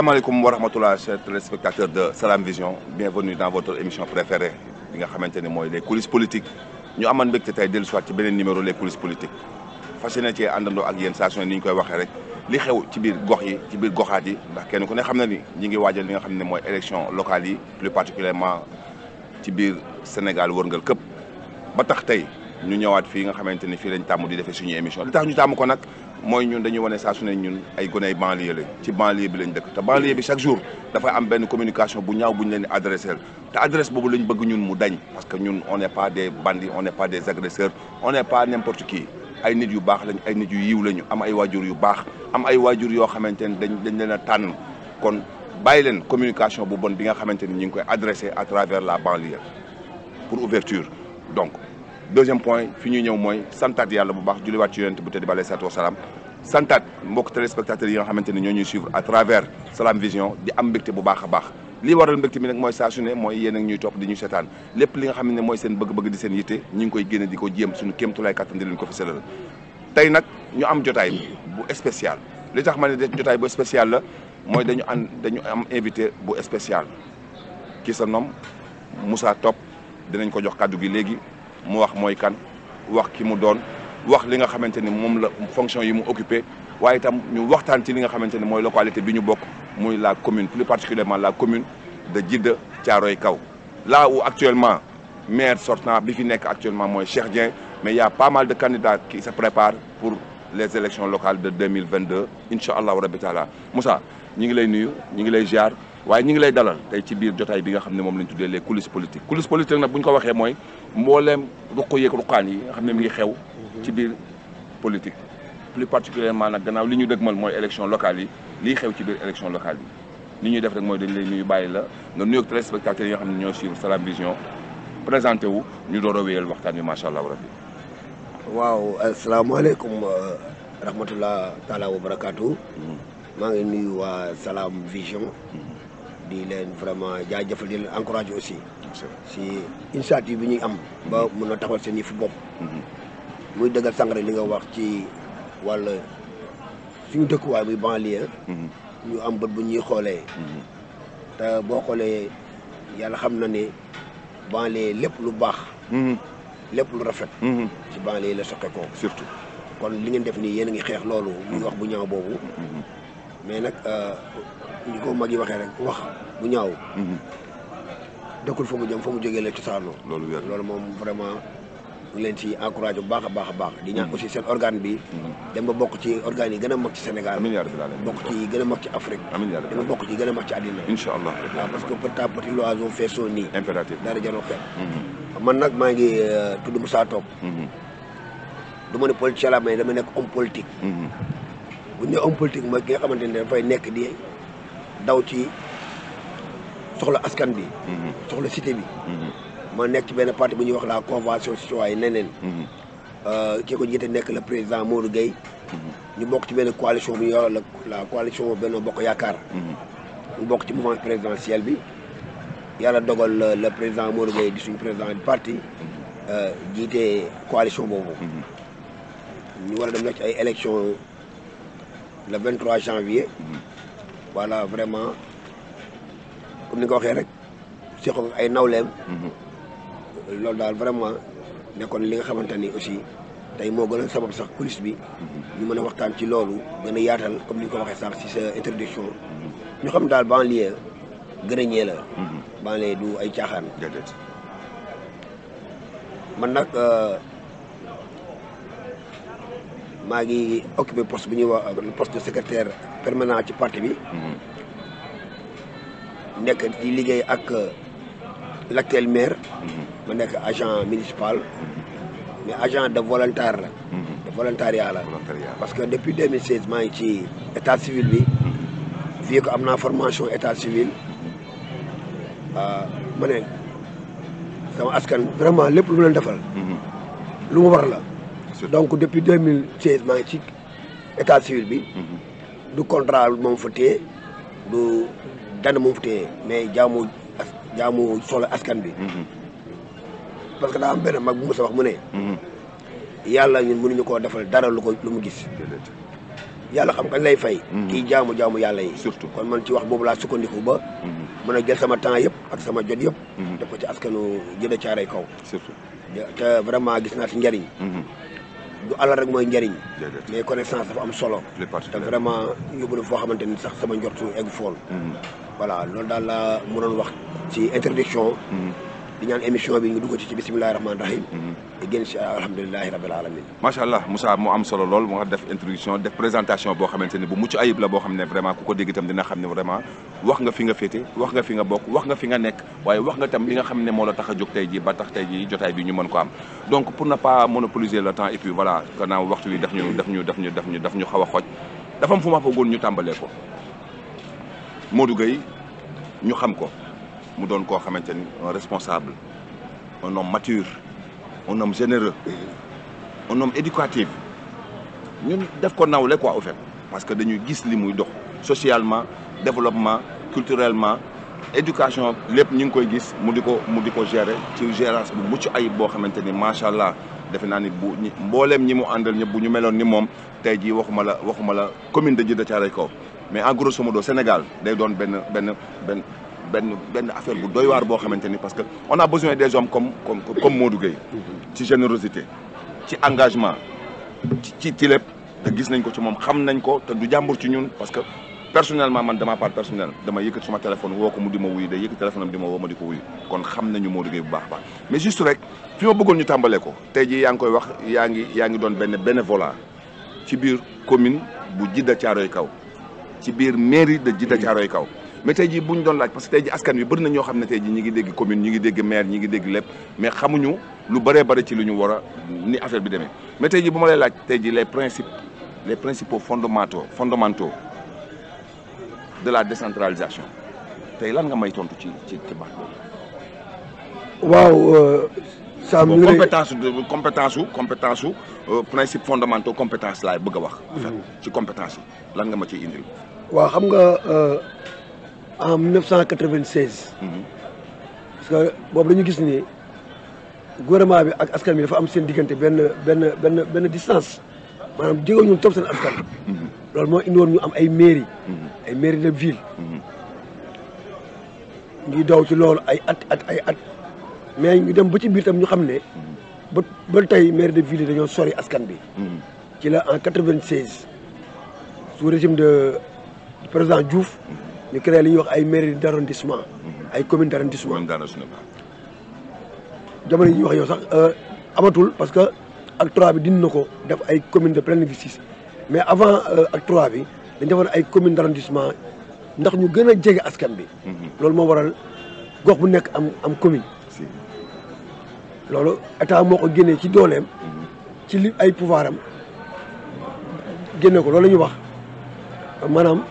salaamaaleykum wa rahmatulah chers téléspectateurs de Salam Vision bienvenue dans votre émission préférée li nga xamante ni mooy les coulisses politiques ñu aman mbégte tey dellu soit ci beneen numéro les coulisses politiques fas yéene cee ak yéen station ni ñu koy waxee rek li xew ci biir gox yi ci biir goxaat yi ndax kenn ku ne xam na ni ñi ngi waajal li nga xam ne mooy élection local yi plus particulièrement ci biir Sénégal wërngal këpp ba tax tey ñu ñawaat fii nga xamante ni fii lañ tàmm di defee suñu émission li ñu tàmm ko nag mooy ñun dañu wane saa su ne ñun ay goney banlieue lañ ci banlieue bi lañ dëkk te banlieue bi chaque jour dafa am benn communication bu ñaaw bu ñu leen di adressé te adresse boobu lañ bëgg ñun mu dañ parce que ñun on n'est pas des bandits on n'est pas des agresseurs on n'est pas n'importe qui ay nit yu baax lañ ay nit yu yiw lañu am ay waajur yu baax am ay waajur yoo xamante ne dañ dañ leen a tànn kon bàyyi leen communication bu bon bi nga xamante ni ñu ngi koy adressé à travers la banlieue pour ouverture donc deuxième point fi ñuy ñëw mooy santaat yàlla bu baax julliwaat ci yonent bu tedd bi alayhi salaatu wasalaam santaat mbokk téléspectateurs yi nga xamante ni ñoo ñuy suivre à travers Salam Vision di am mbégte bu baax a baax li waral mbégte mi nag mooy saa su mooy yéen ak ñuy topp di ñu seetaan lépp li nga xam ne mooy seen bëgg-bëgg di seen yitte ñu ngi koy génne di ko jéem suñu kéemtulaay kattan di leen ko fësalal tey nag ñu am jotaay bu spécial li tax ma ne jotaay bu spécial la mooy dañu an dañu am invité bu spécial ki sa nom Moussa Top dinañ ko jox kàddu léegi mu wax mooy kan wax ki mu doon wax li nga xamante ni moom la fonction yi mu occupé waaye itam ñu waxtaan ci li nga xamante ni mooy localité bi ñu bokk muy la commune plus particulièrement la commune de Djidda Thiaroye kaw là où actuellement maire sortant bi fi nekk actuellement mooy Cheikh Dieng mais il pas mal de candidats qui sa préparent pour les élections locales de 2022 incha allahu rabi taala musa ñu ngi lay nuyu ñu ngi lay ziar waaye ñu ngi lay dalal tey ci biir jotaay bi nga xam ne moom lañ tuddee les coulisses politiques coulisses politiques nag bu ñu ko waxee mooy mbooleem ruq ruqaan yi nga xam ne mi ngi xew mhm. ci biir politique plus particulièrement nag gannaaw li ñu man mooy élection local yi liy xew ci biir élection local yi li ñuy def rek mooy dañ lay ñuy bàyyi la nga nuyoog téléspectateurs yi nga xam ne ñoo suivre Salam Vision présenté wu ñu door a wéyal waxtaan bi macha allah waaw asalaamaaleykum euh, rahmatullah taala wa barakaatu mhm. maa ngi nuyu waa Salam di leen vraiment jaajëfal di leen encouragé aussi. si initiative bi ñuy am. ba mun a taxawal seen yi fu bopp. Mhm. muy dëggal Sangaré li nga wax ci wàll suñu dëkkuwaay muy banlieue. Mhm. ñu am bët bu ñuy xoolee. Mhm. te boo xoolee yàlla xam na ne banlieue lépp lu baax. lépp lu rafet. ci banlieue la soqe ko surtout kon li ngeen def nii yéen a ngi xeex loolu. muy wax bu ñaaw boobu. mais nag. Euh, ñu ko mag yi waxee rek wax bu ñaaw mhm. dëkkul fa mu jëm fa mu jógee la cosaanoo loolu loolu moom vraiment ñu leen ci encouragé bu baax a baax a baax di ñaan mhm. aussi seen organe bi mhm. dem ba bokk ci organes yi gën a mag ci Sénégal bokk ci a mag dama bokk ci gën a mag ci àddina incha allah waaw parce que petit à petit l'oiseau fait son nid impératif dara jaroo man nag maa ngi euh, tudd Moussa Top du ma ne politicien la mais dama nekk homme politique bu ñu ne homme politique mooy ki nga xamante ne dafay nekk di daw ci soxla askan bi. Mhm. soxla cité bi. Mhm. ma nekk ci benn parti bu ñuy wax la convention citoyenne neneen. Mhm. Euh, ki ko jiite nekk la président Modou Gueye. ñu bokk ci benn coalition bu ñuy wax la coalition Benno Bokk Yaakaar. mu bokk ci mouvance présidentielle bi. yàlla dogal le président Modou Gueye di suñu président du parti. Euh, jiite coalition boobu. ñu war a dem nag ci ay élections le 23 janvier. voilà vraiment comme ni nga waxee rek si xoog ay nawleem. Mhm. loolu daal vraiment nekkoon li nga xamante ni aussi tey moo gën a sabab sax police bi. Mhm. ñu mën a waxtaan ci loolu gën a yaatal comme ni nga ko waxee sax si sa introduction. Mhm. ñu xam daal banlieue gërëñee la. banlieue du ay caaxaan. man nag. Euh, maa ngi occupé poste bu ñuy wax le poste de secrétaire permanent ci parti bi. Mhm. nekk di liggéey ak euh, l' actuel maire. Mhm. ma nekk agent municipal. Mhm. mais agent de volontaire la. de volontariat la. parce que depuis 2016 maa ngi ci état civil bi. vu que am naa formation état civil. Euh, ma ne sama askan vraiment lépp lu mu leen defal. lu mu war donc depuis 2016 maa ngi ci état civil bi. Mhm. du contrat moom fa téye du dana moom fa mais jaamu jaamu soxla askan bi. Mhm. parce que daa am benn mag bu mu sa wax mu ne. Mhm. yàlla ñun mënuñu koo defal dara lu ko lu mu gis. yàlla xam kañ lay fay. kii jaamu jaamu yàlla yi. surtout kon man ci wax boobu laa sukkandiku ba. mën a jël sama temps yëpp ak sama jot yëpp. def ko ci askanu jënd caaray kaw. surtout te vraiment gis naa si njariñ. du alal rek mooy njariñ mais connaissance dafa am solo te vraiment yóbbu na foo xamante ni sax sama njortu egg fool mm-hmm. voilà loolu daal la mënoon wax ci introduction mm-hmm. di ñaan émission bi ñu dugg ci ci bisimilahi rahmaani rahim di allah Moussa mu am solo lool moo def introduction def présentation boo xamante ni bu mucc ayib la boo xam ne vraiment ku ko dégg itam dina xam ne vraiment wax nga fi nga féete wax nga fi nga bokk wax nga fi nga nekk waaye wax nga tam li nga xam ne moo la tax a jóg tey ji ba tey ji jotaay bi ñu man ko am donc pour ne pas monopoliser le temps et puis voilà gannaaw waxtu wi daf ñu daf ñu daf ñu daf ñu xaw a am fu ma bëggoon ñu tàmbalee ko Modou Gueye ñu xam ko mu doon koo xamante ni un responsable un homme mature un homme généreux un homme éducatif ñun def ko nawle quoi au fait parce que dañuy gis li muy dox socialement développement culturellement éducation lépp ñu ngi koy gis mu di ko mu di ko gérer ci gérance bu mucc ay boo xamante ni macha allah defe naa ni bu mbooleem ñi mu àndal ñëpp bu ñu meloon ni moom tey jii waxuma la waxuma la commune de Djeddah Thiaroye Kaw mais en grosso modo Sénégal day doon benn benn benn benn benn affaire bu doy waar boo xamante ni parce que on a besoin des hommes comme comme comme Modou ci générosité ci engagement ci ci ci lépp te gis nañ ko ci moom xam nañ ko te du jàmbur ci ñun parce que personnellement man dama part personnel dama yëkkat suma téléphone woo ko mu di ma wuyu day yëkkat téléphone am di ma woo ma di ko wuyu kon xam nañu Modou Gueye bu baax baax mais juste rek fi ma bëggoon ñu tàmbalee ko tey jii yaa ngi koy wax yaa ngi yaa ngi doon benn bénévolat ci biir commune bu Djiddah Thiaroye Kao ci biir mairie de Djiddah Thiaroye Kao mais tey jii bu ñu doon laaj parce que tey jii askan wi bëri na ñoo xam ne tey jii ñi ngi dégg commune ñi ngi dégg maire ñi dégg lépp mais xamuñu lu bëree bëri ci lu ñu war ni affaire bi demee mais tey jii bu ma lay laaj tey jii les principes les principaux fondamentaux fondamentaux de la décentralisation tey lan nga may tontu ci ci ci baax boobu. waaw. Euh, Sam ñu compétence compétence su compétence su euh, principe fondamentaux compétence laay bëgg a wax. Mhm. ci compétence yi lan nga ma ci indil. waaw xam nga. Euh, en 1996. parce que boobu dañu gis ni gouvernement bi ak askan bi dafa am seen diggante benn benn benn benn distance maanaam jégoo ñun seen askan. loolu moo indi ñu am ay mairie ay mairie de ville. ñuy daw ci loolu ay at ay at mais ñu dem ba ci biir tam ñu xam ne ba tey mairie de ville dañoo sori askan bi. ci la en 96 sous régime de président Diouf. ñu créé li ñuy wax ay mairie d' arrondissement mhm. ay commune d' arrondissement jamono yi ñuy wax euh, amatul parce que ak trois bi dindi na ko def ay commune de plein exercice mais avant euh, acte trois bi dañ defoon ay commune d' arrondissement ndax ñu gën a jege askan bi mhm. loolu moo waral gox bu nekk am am commune loolu état moo ko génnee ci dooleem mhm. ci li ay pouvoir am génne ko loolu la ñuy wax maanaam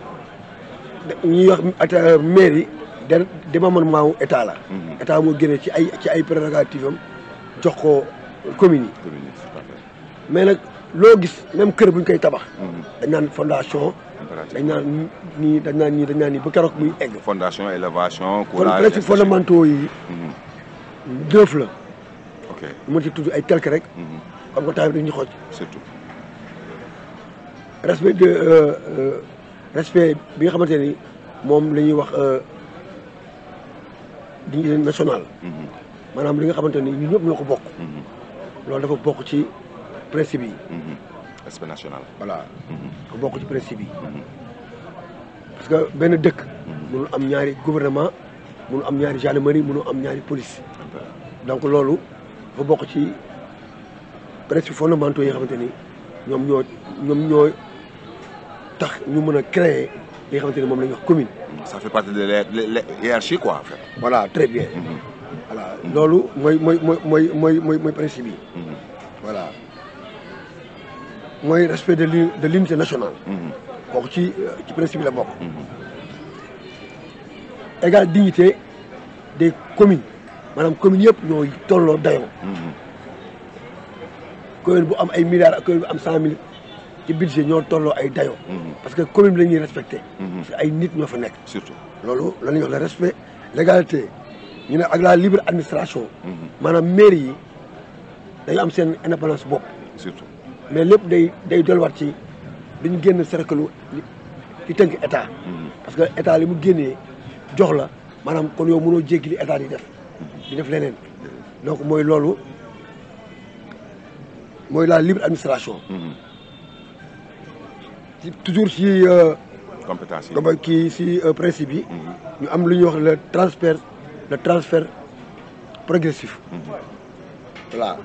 ñuy wax maire yi den démembrement wu état la. Mhm. état moo génne ci ay ci ay prérogatives jox ko communes mais nag loo gis même kër bu ñu koy tabax. Mhm. dañaan fondation. dañ naan nii dañ naan nii dañ naan ba keroog muy egg. fondation élévation. courage principes mhm. la. ok mu ci tudd ay quelque rek. xam nga temps bi dañuy xooj. surtout respect de. Euh, euh, respect bi nga xamante ni moom la ñuy wax euh, dignité nationale mm-hmm. maanaam li nga xamante ni ñun ñëpp ñoo ko bokk mm-hmm. loolu dafa bokk ci principe yi mm-hmm. respect voilà ko ci principe yi parce que benn dëkk mënu am ñaari gouvernement mënu am ñaari gendarmerie mënu am ñaari police donc loolu dafa bokk ci principe fondamentaux yi nga xamante ni ñoom ñoo ñoom ñoo tax ñu mën a créer li nga xamante ne moom la ñuy wax commune. ça fait partie de l'hiérarchie quoi en fait. voilà très bien. Mm-hmm. voilà loolu mooy mooy mooy mooy mooy mooy principe yi. Mm-hmm. voilà mooy respect de l' de l'unité nationale. Mm-hmm. kooku ci euh, ci principe la bokk. égale dignité des communes maanaam communes yëpp ñooy tolloo dayoo. commune bu am ay milliards ak commune bu am cent mille. ci budget ñoo tolloo ay dayoo. Mhm. parce que commune bi la ñuy respecté. Mhm. parce que ay nit ñoo fa nekk. surtout loolu la ñuy wax le respect l'égalité ñu ne ak la libre administration. Mhm. maanaam mairie yi dañu am seen indépendance bopp. surtout mais lépp day day delluwaat ci duñ génn cercle li tënk état. parce que état li mu génnee jox la maanaam kon yow mënoo jéggi li di def di def leneen donc mooy loolu mooy la libre administration. ci toujours si. Euh, compétence yi dama kii si euh, principe yi. Mhm. ñu am lu ñuy wax le transfert le transfert progressif. Mhm. voilà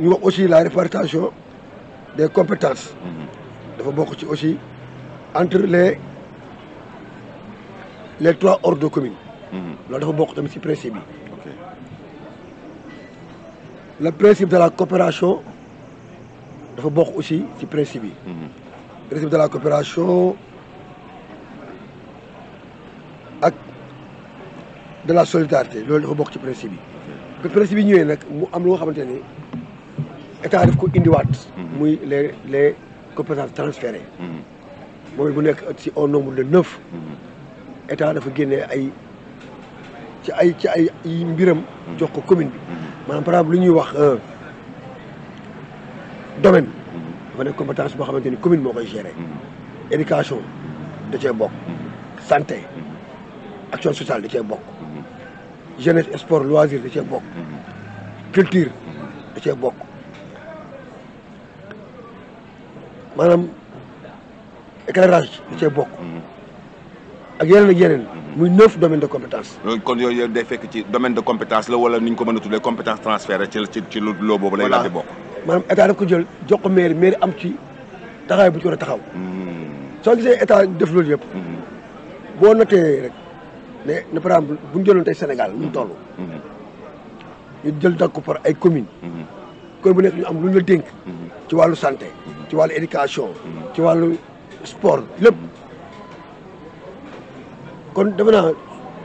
ñu wax aussi la répartition des compétences. Mhm. dafa bokk ci aussi entre les les trois ordres de communes. loolu dafa bokk tamit si principe yi. la principe de la coopération dafa bokk aussi ci principe yi. principe de la coopération ak de la solidarité loolu dafa bokk ci principe bi ba principe yi ñëwee nag mu am lu nga xamante ne état daf ko indiwaat. Mm-hmm. muy les les compétences transférées. Mm-hmm. mooy bu nekk ci au nombre de neuf. Mm-hmm. état dafa génnee ay ci ay ci ay mbiram. jox ko commune bi. maanaam par lu ñuy wax euh, domaine. dafa nekk compétence boo xamante ni commune moo koy gérer. Mm-hmm. éducation da cee bokk. Mm-hmm. santé mm-hmm. action sociale da cee bokk. jeunesse sport loisir da cee bokk. culture da cee bokk maanaam éclairage da cee bokk. ak yeneen ak yeneen. muy neuf domaines de compétence. kon yooyu day fekk ci domaine de compétence la wala ni ñu ko mën a tuddee compétence transférée ci ci ci loo boobu lay daal di bokk. maanaam état daf ko jël jox ko mairie am ci taxawaay bu ci war a taxaw. soo gisee état def loolu yëpp. boo notee rek ne ne par exemple bu ñu jëloon tey Sénégal ñu toll. ñu jël dàkku par ay communes. commune bu nekk ñu am lu ñu la dénk. ci wàllu santé. ci wàllu éducation. ci wàllu sport lépp. kon defe naa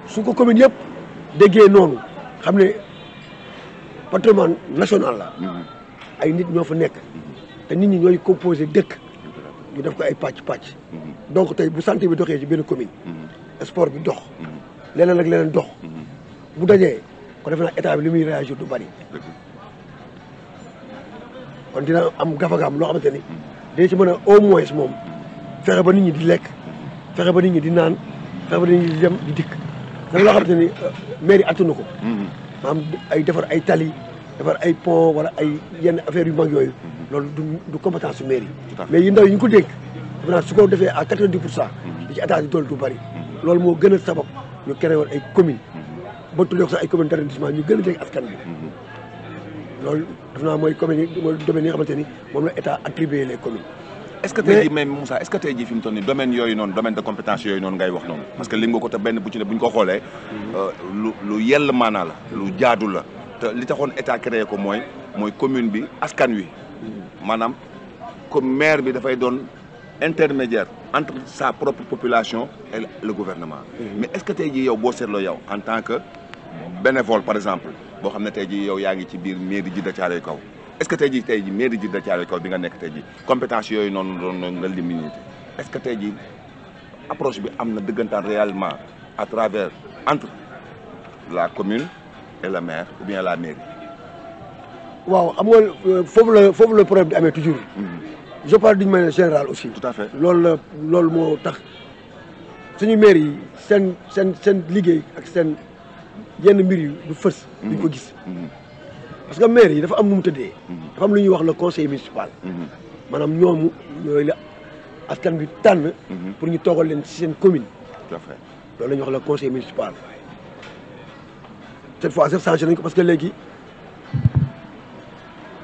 su ko commune yëpp déggee noonu xam ne patrimoine national la. ay nit ñoo fa nekk te nit ñi ñooy composé dëkk ñu def ko ay pàcc pàcc. donc tey bu santé bi doxee ci benn commune. sport bi dox. leneen ak leneen dox. bu dajee ko defe naa état bi li muy réagir du bari. kon dina am gafagaam loo xamante ni. dina ci mën a au moom fexe ba nit ñi di lekk fexe ba nit ñi di naan fexe ba nit ñi di dem di dikk. dana loo xamante ni euh, mairie attanu ko. Mm-hmm. maanaam ay defar ay tali. defar ay pont wala ay yenn affaire yu mag yooyu mhm. loolu du du compétence su maire yi mais yi ñu ko dénk def naa ko defee à quatre vingt bëri loolu moo gën a sabab ñu créé woon commune mhm. ba tuddee ko sax gën a jege askan bi mhm. mooy commune domaine yi nga xamante ni moom la état attribué les communes est-ce que tey jii mais Moussa est-ce que tey jii fi mu toll domaine yooyu noonu domaine de compétence yooyu noonu ngay wax noonu parce que lim nga ko te benn bu ci bu ñu ko xoolee euh, lu lu yell maanaa la lu jaadu la te li taxoon état créé ko mooy mooy commune bi askan wi maanaam comme maire bi dafay doon intermédiaire entre sa propre population et le gouvernement mhm. mais est-ce que tey jii yow boo seetloo yow en tant que bénévole par exemple boo xam ne tey jii yow yaa ngi ci biir ji da Thiaroye Kaw est-ce que tey jii tey ji mairie Djiddah Thiaroye Kaw bi nga nekk tey jii compétence yooyu noonu noonu nga lim est-ce que tey jii approche bi am na dëggantaan réellement à travers entre la commune et le ou bien la mairie. waaw xam nga euh, foofu la foofu la problème di amee toujours. Mm-hmm. je parle d'une manière générale aussi. tout à fait loolu la loolu moo tax suñu maire yi seen seen seen liggéey ak seen yenn mbir yu du fës. Mm-hmm. duñ ko gis. Mm-hmm. parce que maire yi dafa am nu mu tëddee. dafa am lu ñuy wax la conseil municipal. maanaam ñoomu ñooy la askan bi tànn. pour ñu toogal leen ci seen commune. tout à loolu ñu wax le conseil municipal. cette fois sax nañ ko parce que léegi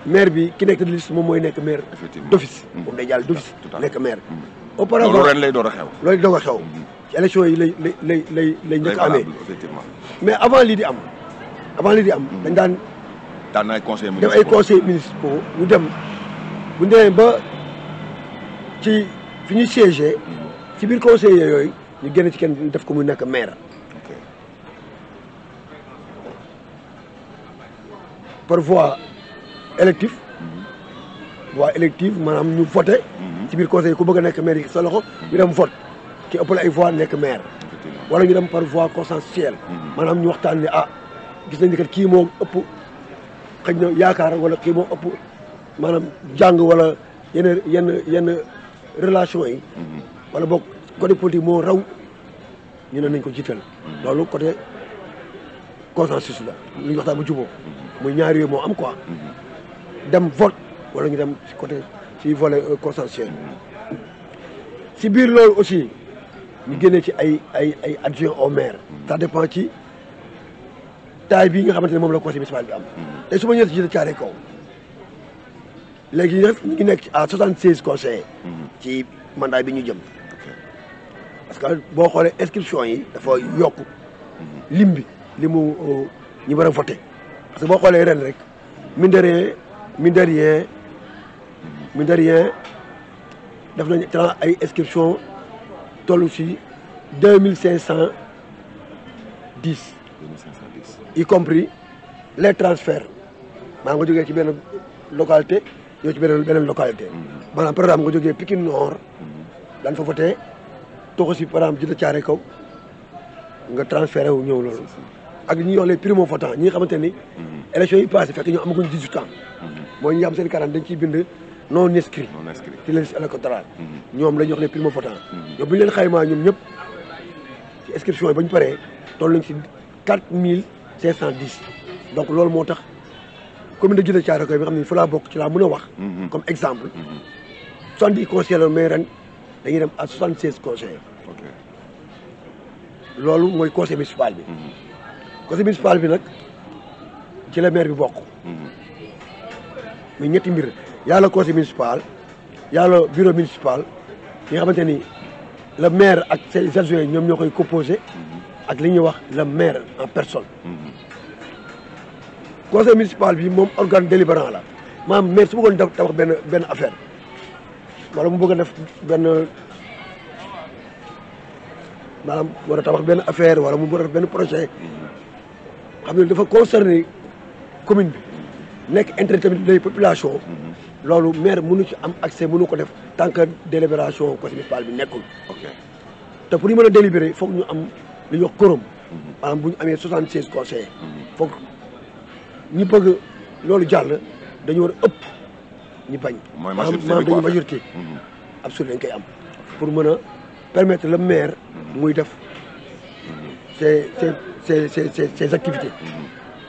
maire bi ki nekk di liste moom mooy nekk mair effectivement d'office. Mm. moom day jàll d'office nekk maire. Mm. auparavant loolu ren lay door xew. loolu doog a xew mm. ci élection yi lay lay lay lay lay a amee mais avant lii di am avant lii di am. dañ daan daan na ay conseils municipaux def ay dem bu demee ba ci fi ñu siégé ci biir conseillers yooyu ñu génn ci kenn def ko muy nekk mair par voie élective mhm. voie élective maanaam ñu voté mhm. ci biir conseil ku bëgg a nekk maire yi sa loxo ñu dem vote ki ëppale ay voix nekk maire wala ñu dem par voie consensuelle mhm. maanaam ñu waxtaan ne ah gis nañ ni kat kii moo ëpp xëy na yaakaar wala kii moo ëpp maanaam jàng wala yenn yenn yenn relation yi wala boog côté politique moo raw ñu ne nañ ko jiital loolu côté consensus la ñu waxtaan bu juboo mu ñaar moo am quoi. Mm-hmm. dem vote walla ñu dem ci côté ci volet euh, consensuel. si mm-hmm. biir loolu aussi ñu génnee ci ay ay ay adjoint au maire. Mm-hmm. ça dépend ci taay bi nga xamante ne moom la ko conseil municipal bi am. tey su ma ñëwee ci jënd caare kaw léegi ñu ngi nekk à 76 conseillers. ci mandat bi ñu jëm. parce que boo xoolee inscription yi dafa yokk lim bi li mu euh, ñu war a parce que boo xoolee ren rek mine de rien mine de rien mine def nañ ay inscription toll si deux mille cinq cent dix y compris les transferts maa nga jógee ci benn localité yow ci beneen beneen localité mm-hmm. maa par exemple nga jógee Pikine Nord mm-hmm. daan fa voté toxu si par exemple jënd caare kaw nga transféré wu ñëw loolu ak ñi ñuy wax les primo votants ñi nga xamante ni. élection yi passé fekk ñu amaguñ 18 ans. mooy ñi am seen carte dañ ciy bind non inscrit. non inscrit ci liste électorale. Mhm. ñoom la ñuy wax les primo votants. ñoom mhm. bu ñu leen xaymaa ñoom ñëpp ci inscription yi ba ci paree mille nañ si 4510 donc loolu moo tax comme commune de Djidah Thiaroye bi xam ne fa laa bokk ci laa mën a wax. Mhm. comme exemple. 70 conseillers la mais ren dañuy a à 76 conseillers. ok loolu mooy conseil municipal bi. côté municipal bi nag ci la maire bi bokk. muy ñetti mbir yàlla conseil municipal yàlla bureau municipal yi nga xamante ni le maire ak ses adjoints ñoom ñoo koy composé ak li ñuy wax le maire en personne. conseil municipal bi moom organe délibérant la maam maire su bëggoon tabax benn benn affaire wala mu bëgg def benn. maanaam war a tabax benn affaire wala mu war a def benn projet xam ne dafa concerné commune bi nekk intérêt tamit lay population loolu maire mënu ci am accès mënu ko def tant que délibération conseil municipal bi nekkul te pour ñu mën a délibéré foog ñu am lu ñuy wax quorum maanaam bu ñu amee soixante seize conseillers foog ñi bëgg loolu jàll dañu war a ëpp ñi bañ maanaam dañu majorité mhm. absolue dañ koy am pour mën a permettre le maire mhm. muy def mhm. c'est c'est ses ses ses ses activité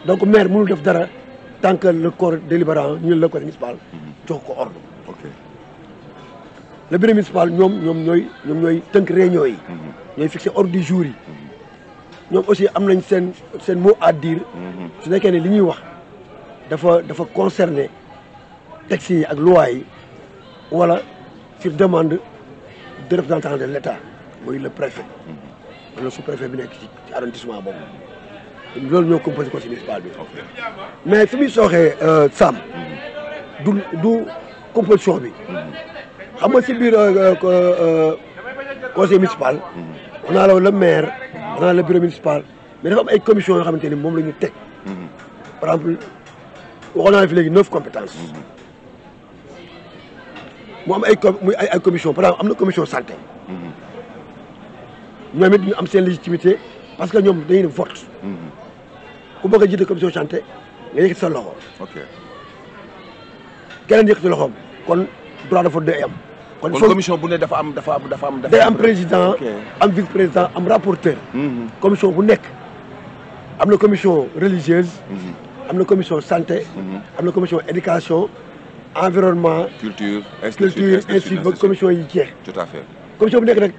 donc maire mënul def dara tant que le corps délibérant ñu le corps municipal jox ko ordre. ok le bureau ñoom ñoom ñooy ñoom ñooy tënk réunion yi. Mhm. ñooy fixer ordre du jour ñoom aussi am nañ seen seen mot à dire. Mhm. su nekkee ne li ñuy wax dafa dafa concerner textes yi ak lois yi wala demande de représentant de mooy le préfet. Mhm. le sous-préfet bi nekk ci arrondissement boobu loolu ñoo composé conseil municipal bi mais fi muy sooxee euh, Sam du du bi xam nga si biir euh, euh, conseil municipal mm-hmm. on a le maire on a bureau municipal mais dafa am ay commission yoo xamante ni moom la ñu teg mm-hmm. par exemple waxoon naa fi léegi neuf compétence mm-hmm. mu am ay muy ay commission par exemple am na commission santé ñoom it ñu am seen légitimité parce que ñoom dañuy dem mm-hmm. vote ku bëgg a jiite commission santé nga yëkkati sa loxo. ok keneen yëkkati loxom kon droit de vote day am. kon commission bu ne dafa am dafa am dafa am. day am président am vice président am rapporteur. Mm-hmm. commission bu nekk am na commission religieuse. Mm-hmm. am na commission santé. am na commission éducation environnement. culture institut culture institut ba commission yi jeex. tout à fait commission bu nekk nag.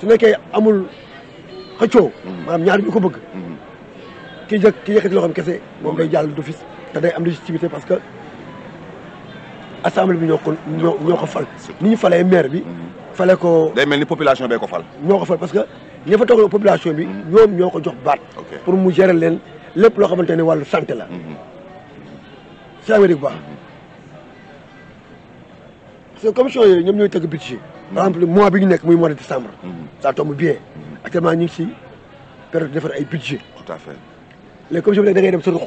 su nekkee amul xëccoo. maanaam ñaar ñu ko bëgg. ki jë ki yëkkati loxoom kese moom day jàll d'office te day am légitimité parce que assemblée bi ñoo ko fal. ni ñu falee maire bi. fale ko day mel ni population bee ko fal. ñoo ko fal parce que ñi fa toog population bi. Mm-hmm. ñoom ñoo ko jox baat. pour mu gérer leen lépp loo xamante ne wàllu santé la. c'est vrai bu baax parce que commission yooyu ñoom ñooy tëgg budget en plus mois bi ñu nekk muy mois de décembre. Mm-hmm. ça tombe bien. Mm-hmm. actuellement ñu ngi si période defar ay budget tout à fait léegi commission bi da ngay dem sa ruq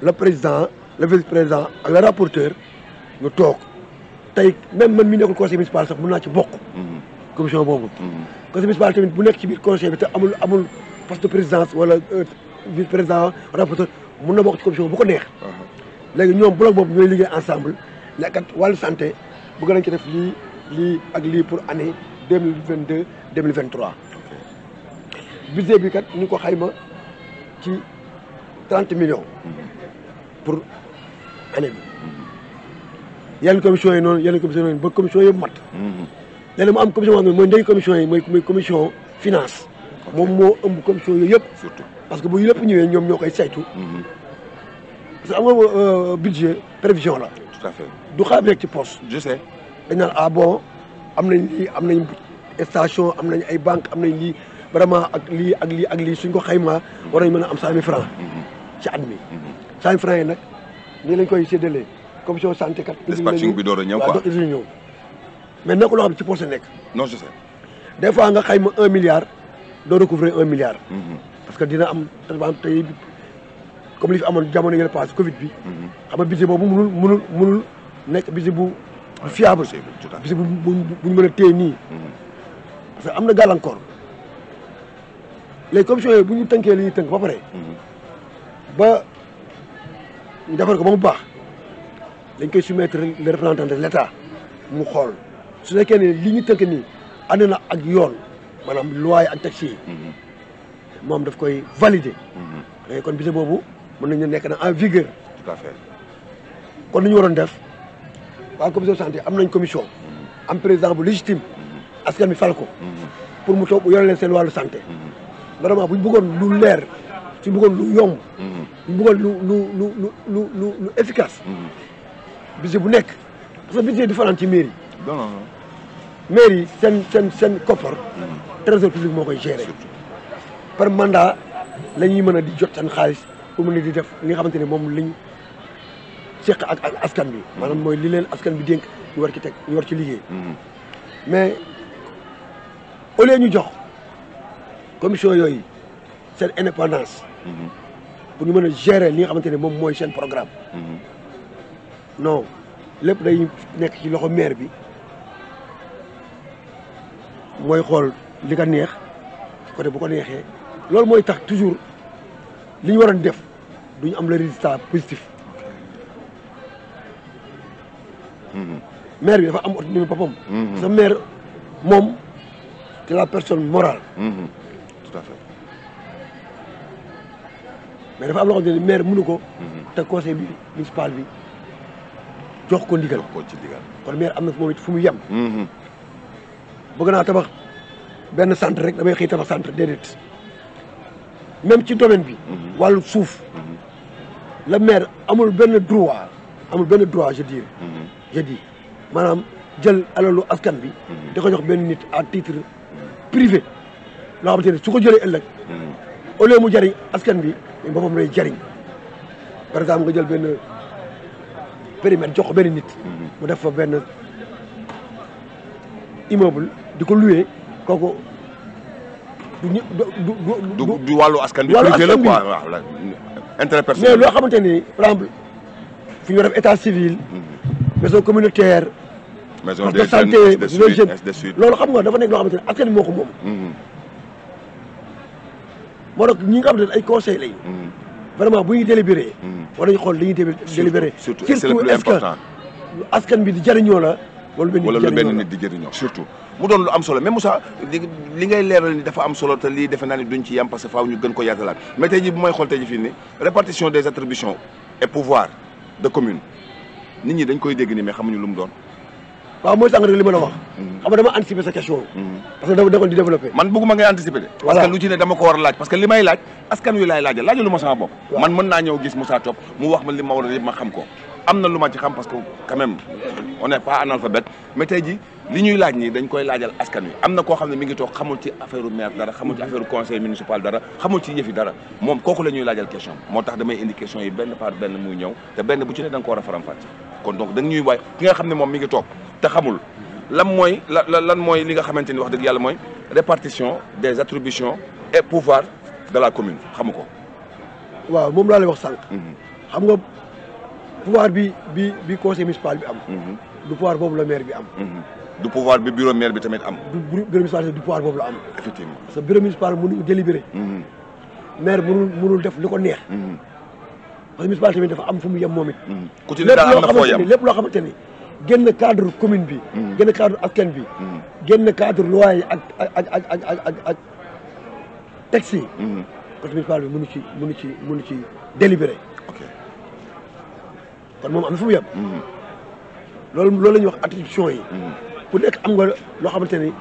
le président le vice président ak le rapporteur ñu toog tey même man mi nekkul conseil municipal sax naa ci bokk. Mm-hmm. commission boobu. conseil municipal bu nekk ci biir conseil bi amul amul poste de présidence wala euh, vice président rapporteur mun na bokk ci commission bu ko neex. Uh-huh. léegi ñoom bloc boobu ñooy liggéey ensemble nekkat wàllu santé bëgg nañ ci def lii. lii ak lii pour année deux mille vingt deux deux mille vingt trois budget bi kat ñu ngi ko xayma ci trente millions pour année bi yenn commission yi noonu yenn commission yi noonu ba commission yëpp mat léegi mu commission boo mooy ndey commission yi mooy finance moom moo ëmb commission yooyu yëpp surtout parce que boo yëpp ñëwee ñoom ñoo koy saytu mhm. parce que am euh, budget prévision la tout à fait du ci poste je sais dañ naan ah bon am nañ am nañ station am nañ ay banque am nañ lii vraiment ak lii ak lii ak lii suñ ko xaymaa war nañ mën a am cent mille ci at mi cent mille yi nag nii lañ koy séddalee commission santé kat dispatching bi door a ñëw mais nekk loo xam ci poche nekk non je sais des fois nga xayma un milliard doo recouvrer un milliard mm-hmm. parce que dina am exemple tey comme li fi amoon jamono yële passé covid bi mm-hmm. xam nga budget boobu munul munul munul nekk budget bu bu fiable bis bu ñu mën a téye nii mm-hmm. parce que am na gàllankoor les commissions yooyu bu ñu tënkee li ñuy tënk ba pare mm-hmm. ba ñu ko ba mu baax dañ koy soumettre le représentant de l' état mu xool su nekkee ne li ñu tënk nii ànd na ak yoon maanaam loi ak taxi yi mm-hmm. moom daf koy valider léegi kon bise boobu mën nañu nekk na en vigueur tout kon ni ñu waroon def waa commission santé am nañ commission am président bu légitime askan mi fal ko pour mu toog bu yore seen wàllu santé vraiment bu ñu bëggoon lu leer su ñu lu yomb bu ñu lu lu lu lu lu lu efficace budget bu nekk parce que budget différent ci mairie non non yi seen seen seen koppar public moo koy gérer par mandat la ñuy mën a di jot seen xaalis pour mën a di def li nga xamante ne moom liñ seq ak ak askan bi. maanaam mooy li leen askan bi dénk ñu war ci teg war ci liggéey. Mm-hmm. mais au lieu ñu jox commission yooyu seen indépendance. Mm-hmm. pour ñu mën a gérer li nga xamante ne moom mooy seen programme. Mm-hmm. non lépp day nekk ci loxo maire bi mooy xool li ka neex côté bu ko neexee. loolu mooy tax toujours li ñu waroon def du ñu am le résultat positif. Mm-hmm. maire bi dafa am autonomie boppam. Mm-hmm. sa maire moom c'est la personne morale. Mm-hmm. tout dafa am loo xamante ni maire mënu ko. te conseil bi municipal bi jox ko ndigal. kon maire am na moom it fu mu yem. bëgg naa tabax benn centre rek damay xëy tabax centre déedéet même ci domaine bi. wàllu suuf. la maire amul benn droit amul benn droit je je maanaam jël alalu askan bi. Mm-hmm. da ko jox benn nit à titre privé. loo xamante ne su ko jëlee ëllëg. Mm-hmm. au lieu mu jëriñ askan bi boppam lay jëriñ par exemple nga jël benn périmètre jox ko benn nit. Mm-hmm. mu def fa benn immeuble di ko loué kooku du ñu du du du. wàllu askan bi privé la quoi intérêt mais loo xamante ni par exemple fi ñu war a def état civil. maison communautaire. maison des jeunes de santé loolu xam nga dafa nekk loo xamante ne askan bi moo ko moom. Mm-hmm. moo tax ñi nga xam ne ay conseil lañu. Mm-hmm. vraiment bu ñuy délibéré. Mm-hmm. war nañu xool li ñuy délibéré. surtout surtout est-ce que askan bi di jëriñoo la. wala lu benn nit di jëriñoo surtout. mu doon lu am solo mais Moussa li ngay leeral ni dafa am solo te lii defe naa ni duñ ci yam parce que ñu gën ko yaatalaat mais tey jii bu may xool tey jii fii nii répartition des attributions et pouvoir de commune. nit ñi dañ koy dégg nii mais xamuñu lu mu doon. waaw mooy sànq rek li ma la wax. Mm-hmm. xam nga dama anticiper sa question. Mm-hmm. parce que dama dama di développer. man bëgguma ngay anticiper de. parce que lu ci dama ko war a laaj parce que li may laaj askan wi a laajal laajalu ma sama bopp. man mën naa ñëw gis Moussa Top mu wax ma li war a yëpp ma xam ko am na lu ma ci xam parce que quand même on n'est pas analphabète mais tey ji li ñuy laaj nii dañ koy laajal askan wi am na koo xam ne mi ngi toog xamul ci affaire maire dara xamul ci affaire conseil municipal dara xamul ci yëfi dara moom kooku la ñuy laajal question moo tax damay indi question yi benn par benn muy ñëw te benn bu ci ne da ko war a faram-fàcce kon donc da nga ñuy waay ki nga xam ne moom mi ngi toog te xamul lan mooy la lan mooy li nga xamante ni wax dëgg yàlla mooy répartition des attributions et pouvoir de la commune xamu ko waaw moom pouvoir bi bi bi conseil municipal bi am. Mhm. du pouvoir boobu la maire bi am. Mhm. du pouvoir bi bureau maire bi tamit am. du bureau municipal du pouvoir boobu la am. effectivement parce que bureau municipal mënuñu délibéré. Mhm. maire mu mënul def li ko neex. parce que municipal tamit dafa am fu mu yem moom it. ci lépp loo xamante ni lépp loo xamante ni génn cadre commune bi. génn cadre askan bi. génn cadre loi yi ak ak ak ak ak ak texte yi. conseil municipal bi mënu ci mënu ci mënu ci délibéré. kon moom am fu mu yem. Mm-hmm. loolu loolu la wax attribution yi. Mm-hmm. ku nekk am nga loo xamante ni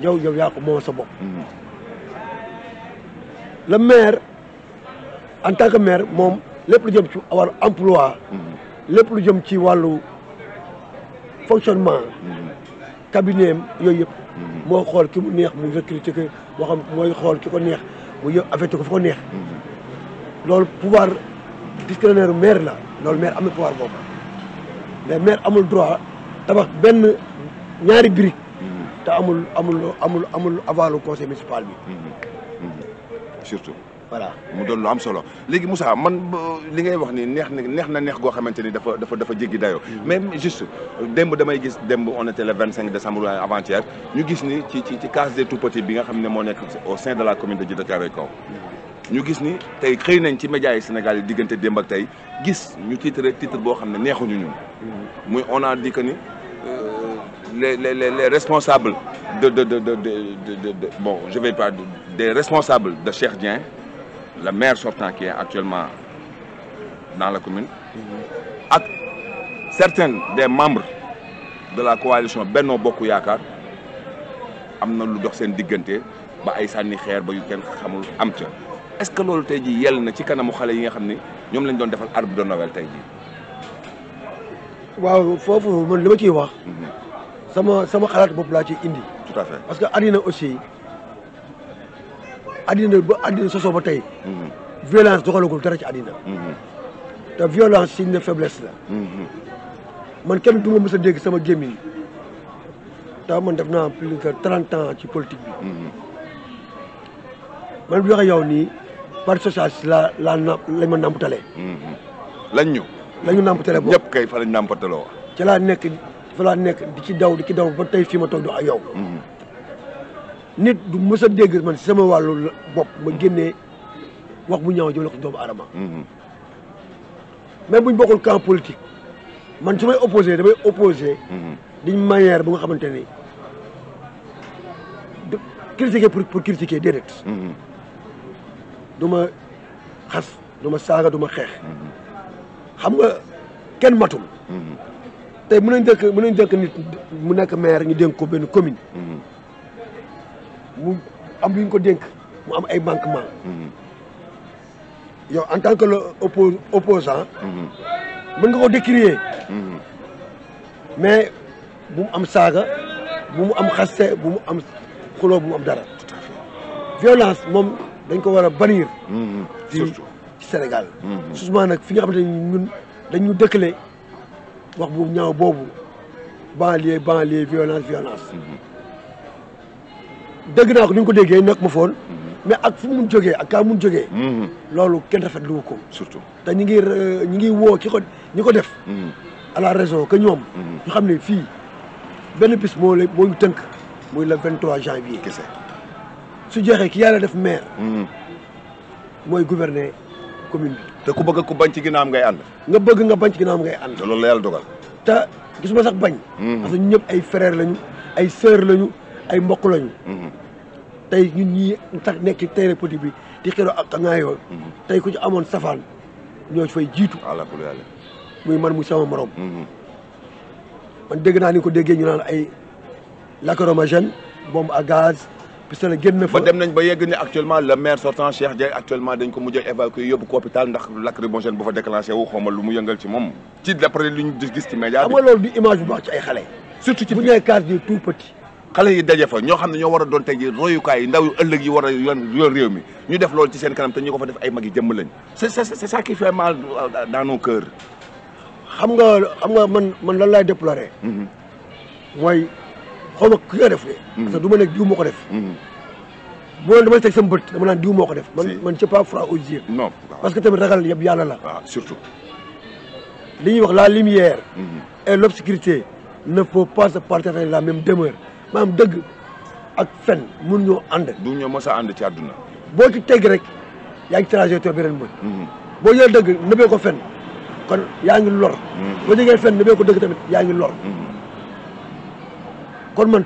yow yow yaa ko moomal sa bopp. Mm-hmm. maire en tant que maire moom lépp lu jëm ci wàllu emploi. lépp lu jëm ci wàllu fonctionnement. cabinet am yooyu yëpp. moo xool ki mu neex mu recruter ko moo xam mooy xool ki ko neex mu yë affecté ko fu ko neex. loolu pouvoir discrétionnaire maire la. loolu maire am na pouvoir boobu mais maire amul droit tabax benn ñaari brique te amul amul amul amul avalu conseil municipal bi. Mhm. Mhm. surtout. voilà mu doon lu am solo léegi Moussa man li ngay wax ni neex na neex goo xamante ni dafa dafa dafa jéggi dayoo. Mhm. mais juste démb damay gis démb on était le 25 décembre avant-hier ñu gis ni ci case des tout petits bi nga xam ne moo nekk au sein de la commune de Djiddah Kaw ñu gis ni tey xëy nañ ci médias y Sénégal yi diggante démb tey gis ñu titre titre boo xam ne neexuñu ñun. muy on a dit que ni euh, les les les responsables de de de de de de bon je vais pas des responsables de Cheikh dien le maire sortant qui est actuellement dans la commune. ak certains des membres de la coalition Benno Bokk Yaakaar am na lu dox seen diggante ba ay sànni xeer ba yu kenn xamul am ca. est-ce que loolu tey jii yell na ci kanamu xale yi nga xam ni ñoom lañ doon defal arbre de Noël tey jii. waaw foofu man li ma ciy wax. Mhm. sama sama xalaat bopp laa ci indi. tout parce que àddina aussi àddina ba àddina sosoo ba tey. Mhm. violence doxalagul dara ci àddina. Mhm. te violence signe de faiblesse la. man kenn du ma mës sama gémmi te man def naa plus de trente ans ci politique bi. man bi wax yow nii par sociage la la la lañ ma nàmpatalee. Mhm. lañ ñu. lañ ñu nàmpatalee boobu ñëpp kay fa lañ nàmpataloo. nekk falaa nekk di ci daw di ci daw ba tey fii ma toog do ak mhm. nit du mës a dégg man si sama wàllu bopp ma génnee wax bu ñaaw jëmale ko doomu aadama. Mhm. même buñ bokkul camp politique man si may opposé damay opposé. d'une manière bu nga xamante ni critiquer pour pour critiquer déedéet. du ma xas du ma saaga du ma xeex xam nga kenn matul tey mën nañ dëkk mën nañ nit mu nekk maire ñu dénk ko benn commune mu am lu ko dénk mu am ay manquement yow en tant que le opposant mën nga ko décrier mais bu mu am saaga bu mu am xaste bu mu am xuloo bu mu am dara violence moom dañ ko war a bannir. Mm-hmm. surtout ci Sénégal. Mm-hmm. souvent nag fi nga xamante ni ñun dañu dëkkale wax bu ñaaw boobu banlieue banlieue violence violence. Mm-hmm. dégg naa ko ni ñu ko déggee nekk ma foon. mais ak fu mun jógee ak kaa mun jógee. loolu kenn rafetlu ko. surtout te ñu ngi euh, ñu ngi woo ki ko ñi ko def. à la raison que ñoom. ñu xam ne fii benn bis moo la tënk muy le 23 janvier. kese. su jeexee ki yàlla def maire. Mm-hmm. mooy gouverner commune bi. te ku bëgg ku bañ ci ginnaawam ngay ànd. nga bëgg nga bañ ci ginnaawam ngay ànd. te loolu la yàlla dogal. te gisuma sax bañ. Mm-hmm. parce que ñëpp ay frère lañu ay sœur lañu ay mbokk lañu. Mm-hmm. tey ñun ñii tax nekk ci terrain politique bi di xiroo ak a tey ku ci amoon safaan ñoo fay jiitu. allah muy man mu sama morom. man dégg naa ni ko déggee ñu naan ay lacrymogène bombe à gaz. pistolet génn fa dem nañ ba yegg ne actuellement le maire sortant Cheikh Dieye actuellement dañ ko mujj a évacuer yóbbu ko hôpital ndax lacrymogène bu fa déclenché wu xawma lu mu yëngal ci moom ci d'après li ñu gis ci média bi xam nga loolu du image bu ci ay xale surtout ci bu ñu nee case du tout xale yi daje fa ñoo xam ne ñoo war a doon tey ji royukaay yi ndaw yu ëllëg yi war a yoon yoon réew mi ñu def loolu ci seen kanam te ñu ko fa def ay mag yi xam nga xam nga man man lan laay déplorer mm-hmm. mooy xaw ma ku ko def de. Mm. parce que du ma nekk diw moo ko def. Mm. bu doon damay teg sama bët dama naan diw moo ko def. man man c'est pas froid parce que tamit ragal yëpp yàlla la. waaw ah, surtout. li ñuy wax la lumière. Mm-hmm. et l'obscurité ne faut pas se partager la même demeure maanaam dëgg ak fen mun ñoo ànd. du ñoo mës a ànd ci àdduna. boo ci teg rek yaa ngi trajectoire beneen mbër. Mm-hmm. boo jëlee dëgg nëbee ko fen kon yaa ngi lor. Mm-hmm. boo jegee fen nëbee ko dëgg tamit yaa ngi lor. kon man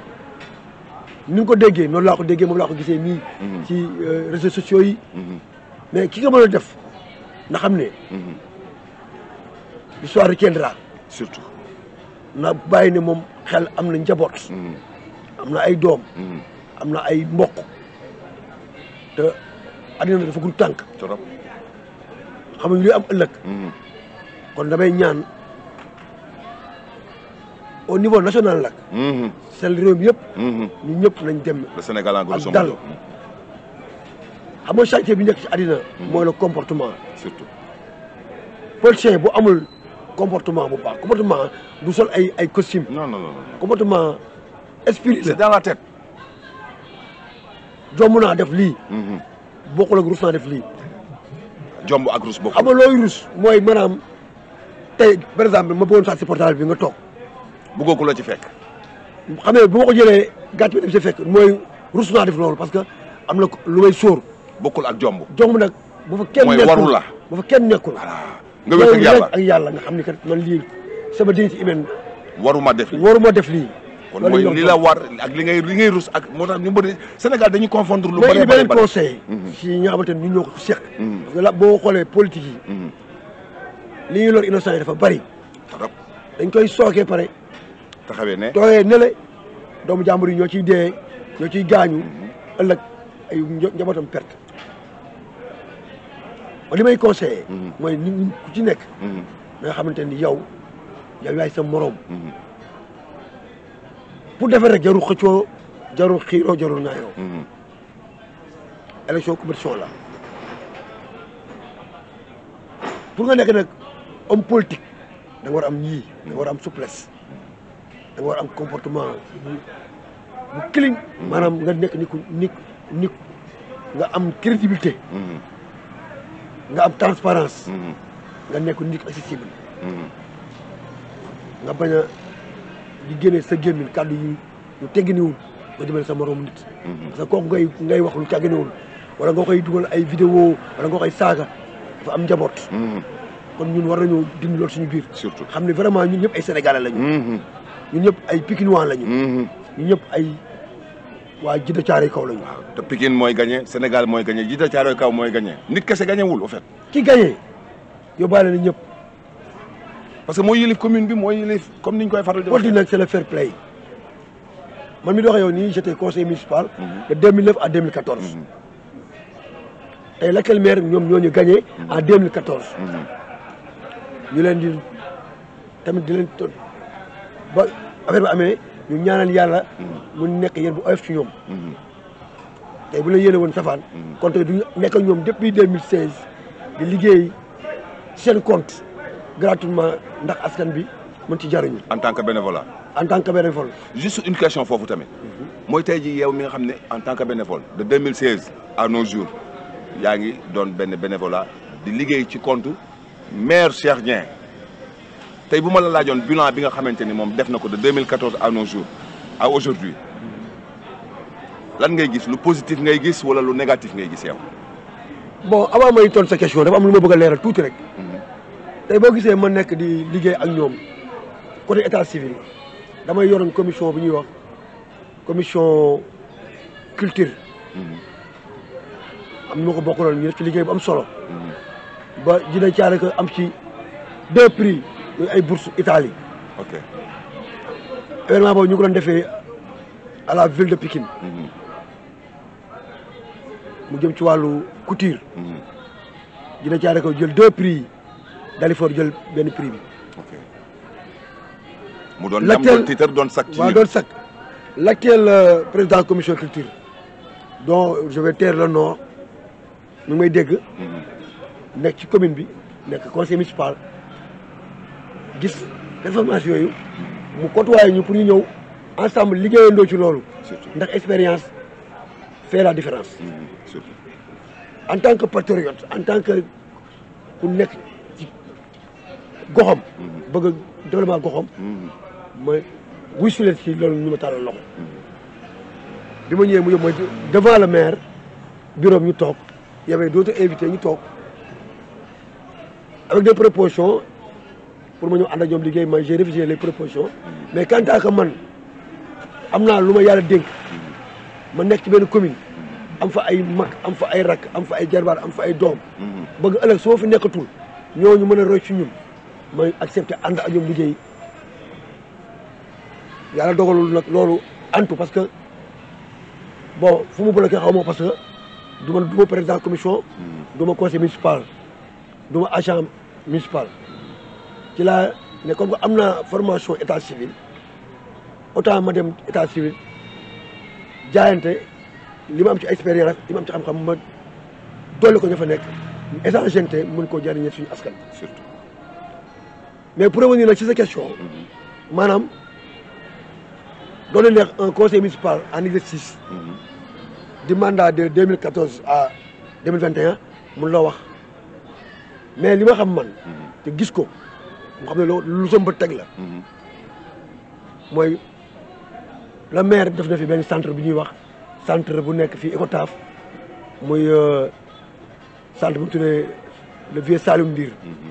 ni ko déggee noonu laa ko déggee moom laa ko gisee nii. Mhm. ci euh, réseaux sociaux yi. Mhm. mais ki nga mën a def na xam ne. Mhm. l'histoire retiendra. surtout na bàyyi ne moom xel am na njaboot. am na ay doom. am na ay mbokk te àddina dafa gudd tànk. trop xam nga li am ëllëg. kon damay ñaan au niveau national nag. seen réew mi yëpp. Mhm. ñu ñëpp nañ dem. le Sénégal en grosso modo mhm. xam nga chantier bi nekk ci àddina. Mhm. mooy le comportement. surtout politicien bu amul comportement bu baax comportement du sol ay ay costume. non non non comportement esprit la. c'est dans la tête. jomb naa def lii. bokkul ak rus naa def lii. jomb ak rus bokkul. xam nga looy rus mooy maanaam tey par exemple ma bëggoon saa si portable bi nga toog. bëggoo ku la ci fekk. xam ne bu ma ko jëlee gàcce bi daf fekk mooy rus naa def loolu parce que am na lu may sóor. bokkul ak jomb. jomb nag bu fa kenn nekkul mooy warul la bu fa kenn nekkul. nga wér ak yàlla ak yàlla nga xam ni kat man lii sama dignité humaine. waruma def lii waruma def lii. kon mooy li la war ak li ngay li ngay rus ak moo tax ñu bëri Sénégal dañu confondre lu bëri beneen conseil mhm. si ñi nga xamante ne ñu ñoo ko seq mhm. boo xoolee politique yi mhm. li ñuy lor innocent dafa bëri dañ koy sookee pare taxawee ne tooyee ne le doomu jàmbur yi ñoo ciy dee ñoo ciy gaañu ëllëg ay njabootam perte li may conseillé mm-hmm. mooy nit ku ci nekk da mm-hmm. nga xamante ni yow yow yaay sa moroom mm-hmm. pour defar rek jarul xëccoo jarul xiiroo jarul ŋaayoo élection commission la pour nga nekk nag homme politique nga war am ñii da war am souplesse da nga war am comportement bu clean maanaam nga nekk ni nga am crédibilité nga am transparence nga nekk nit accessible nga bañ a di génne sa gémmiñ kàddu yi yu tegginiwul nga jëmale sa moroom nit parce que kooku ngay ngay wax lu wala nga koy dugal ay vidéo wala nga ay saaga am njaboot mm-hmm. kon ñun war nañoo dindi loolu suñu biir surtout xam ne vraiment ñun ñëpp ay sénégalais lañu mm-hmm. ñu ñëpp ay Pikinois lañu. Mhm. ñun ñëpp ay waa Jidda Caaroy kaw lañu. waaw ah, te Pikine mooy gagné Sénégal mooy gagné Jidda Caaroy kaw mooy gagné nit kese gagné wul au fait. ki gagné yóbbaale na ñëpp. parce que mooy yilif commune bi mooy yilif comme niñ koy faral di. politique nag c'est le fair play man mi doxee yow nii j'étais conseiller municipal. Mhm. de a à 2014. Mhm. tey lakkal maire ñoom ñoo ñu gagné. en 2014. ñu leen di tamit di leen ba affaire bi amee ñu ñaanal yàlla mu nekk yéen bu oyof ci ñoom te bu la yéene woon safaan kon tey du nekk ñoom depuis deux mil seize di liggéey seen compte gratuitement ndax askan bi mën ci jariñu en tan que bénévole en tant que bénévole juste une foofu tamit mooy tey ji yow mi nga xam ne en tant que bénévole de 2016 à nos jours yaa ngi doon benn bénévolat di liggéey ci compte maire Cheikh Dieng tey bu ma la laajoon bilan bi nga xamante ni moom def na ko de 2014 à nos jours aujourd'hui lan ngay gis lu positif ngay gis wala lu négatif nga gis yow. bon avant may tontu sa question dafa am lu ma bëgg a leeral tuuti rek. Mhm. tey ba gisee ma nekk di liggéey ak ñoom côté état civil damay yoroon commission bi ñuy wax commission culture. Mhm. am na ma ko bokkaloon ñu def ci liggéey bu am solo. Mhm. ba dina caare am ci deux prix ay bourse Italie. ok événement boobu ñu ko doon defee à la ville de Pikine. Mhm. mu jëm ci wàllu couture. Mhm. dina caare ko jël deux prix yi Dalifort jël benn prix bi. ok doon ñam doon titre doon sac ci waaw doon euh, président commission culture dont je vais taire le nom may dégg. Mhm. nekk ci commune bi nekk conseil municipal. gis réformation yooyu mu côtoyé ñu pour ñu ñëw ensemble liggéeyandoo ci loolu ndax expérience fait la différence mm-hmm. en tant que patriote en tant que ku nekk ci goxam mm-hmm. bëgg a développement goxam mm-hmm. ma wuy sulet ci loolu ñu ma tàllal loxo bi ma ñëwee mu yóbbu ma devant le maire bureau ñu toog y avait d'autres invités ñu toog avec des propositions pour ma ñëw ànd ak ñoom liggéey ma j'ai refusé les propositions mais quant à que man am naa lu ma yàlla dénk ma nekk ci benn commune am fa ay mag am fa ay rak am fa ay jarbaar am fa ay doom bëgg ëllëg su ma fi nekkatul ñu mën a roy ci ñun may accepté ànd ak ñoom liggéey yàlla dogalul nag loolu antu parce que bon fu mu bloqué xaw ma parce que du ma du ma président commission mm. du ma conseil municipal du ma agent municipal ci laa ne comme que am na formation état civil autant ma dem état civil jaayante li ma am ci expérience li ma am ci xam-xam ma dolli ko ña fa nekk échangeante mën koo jariñe suñu askan surtout mais pour revenir nag ci sa question mm-hmm. maanaam doon na neex un conseil municipal en exercice mm-hmm. du mandat de 2014 à 2021 mun la wax mais lima ma xam man mm-hmm. te gis ko nga xam ne lu sa mbët teg la. Mhm. mooy la maire def na fi benn centre bi ñuy wax centre bu nekk fii Icotaf muy euh, centre bu ture tuddee le vieux Saloum Ndir. Mhm.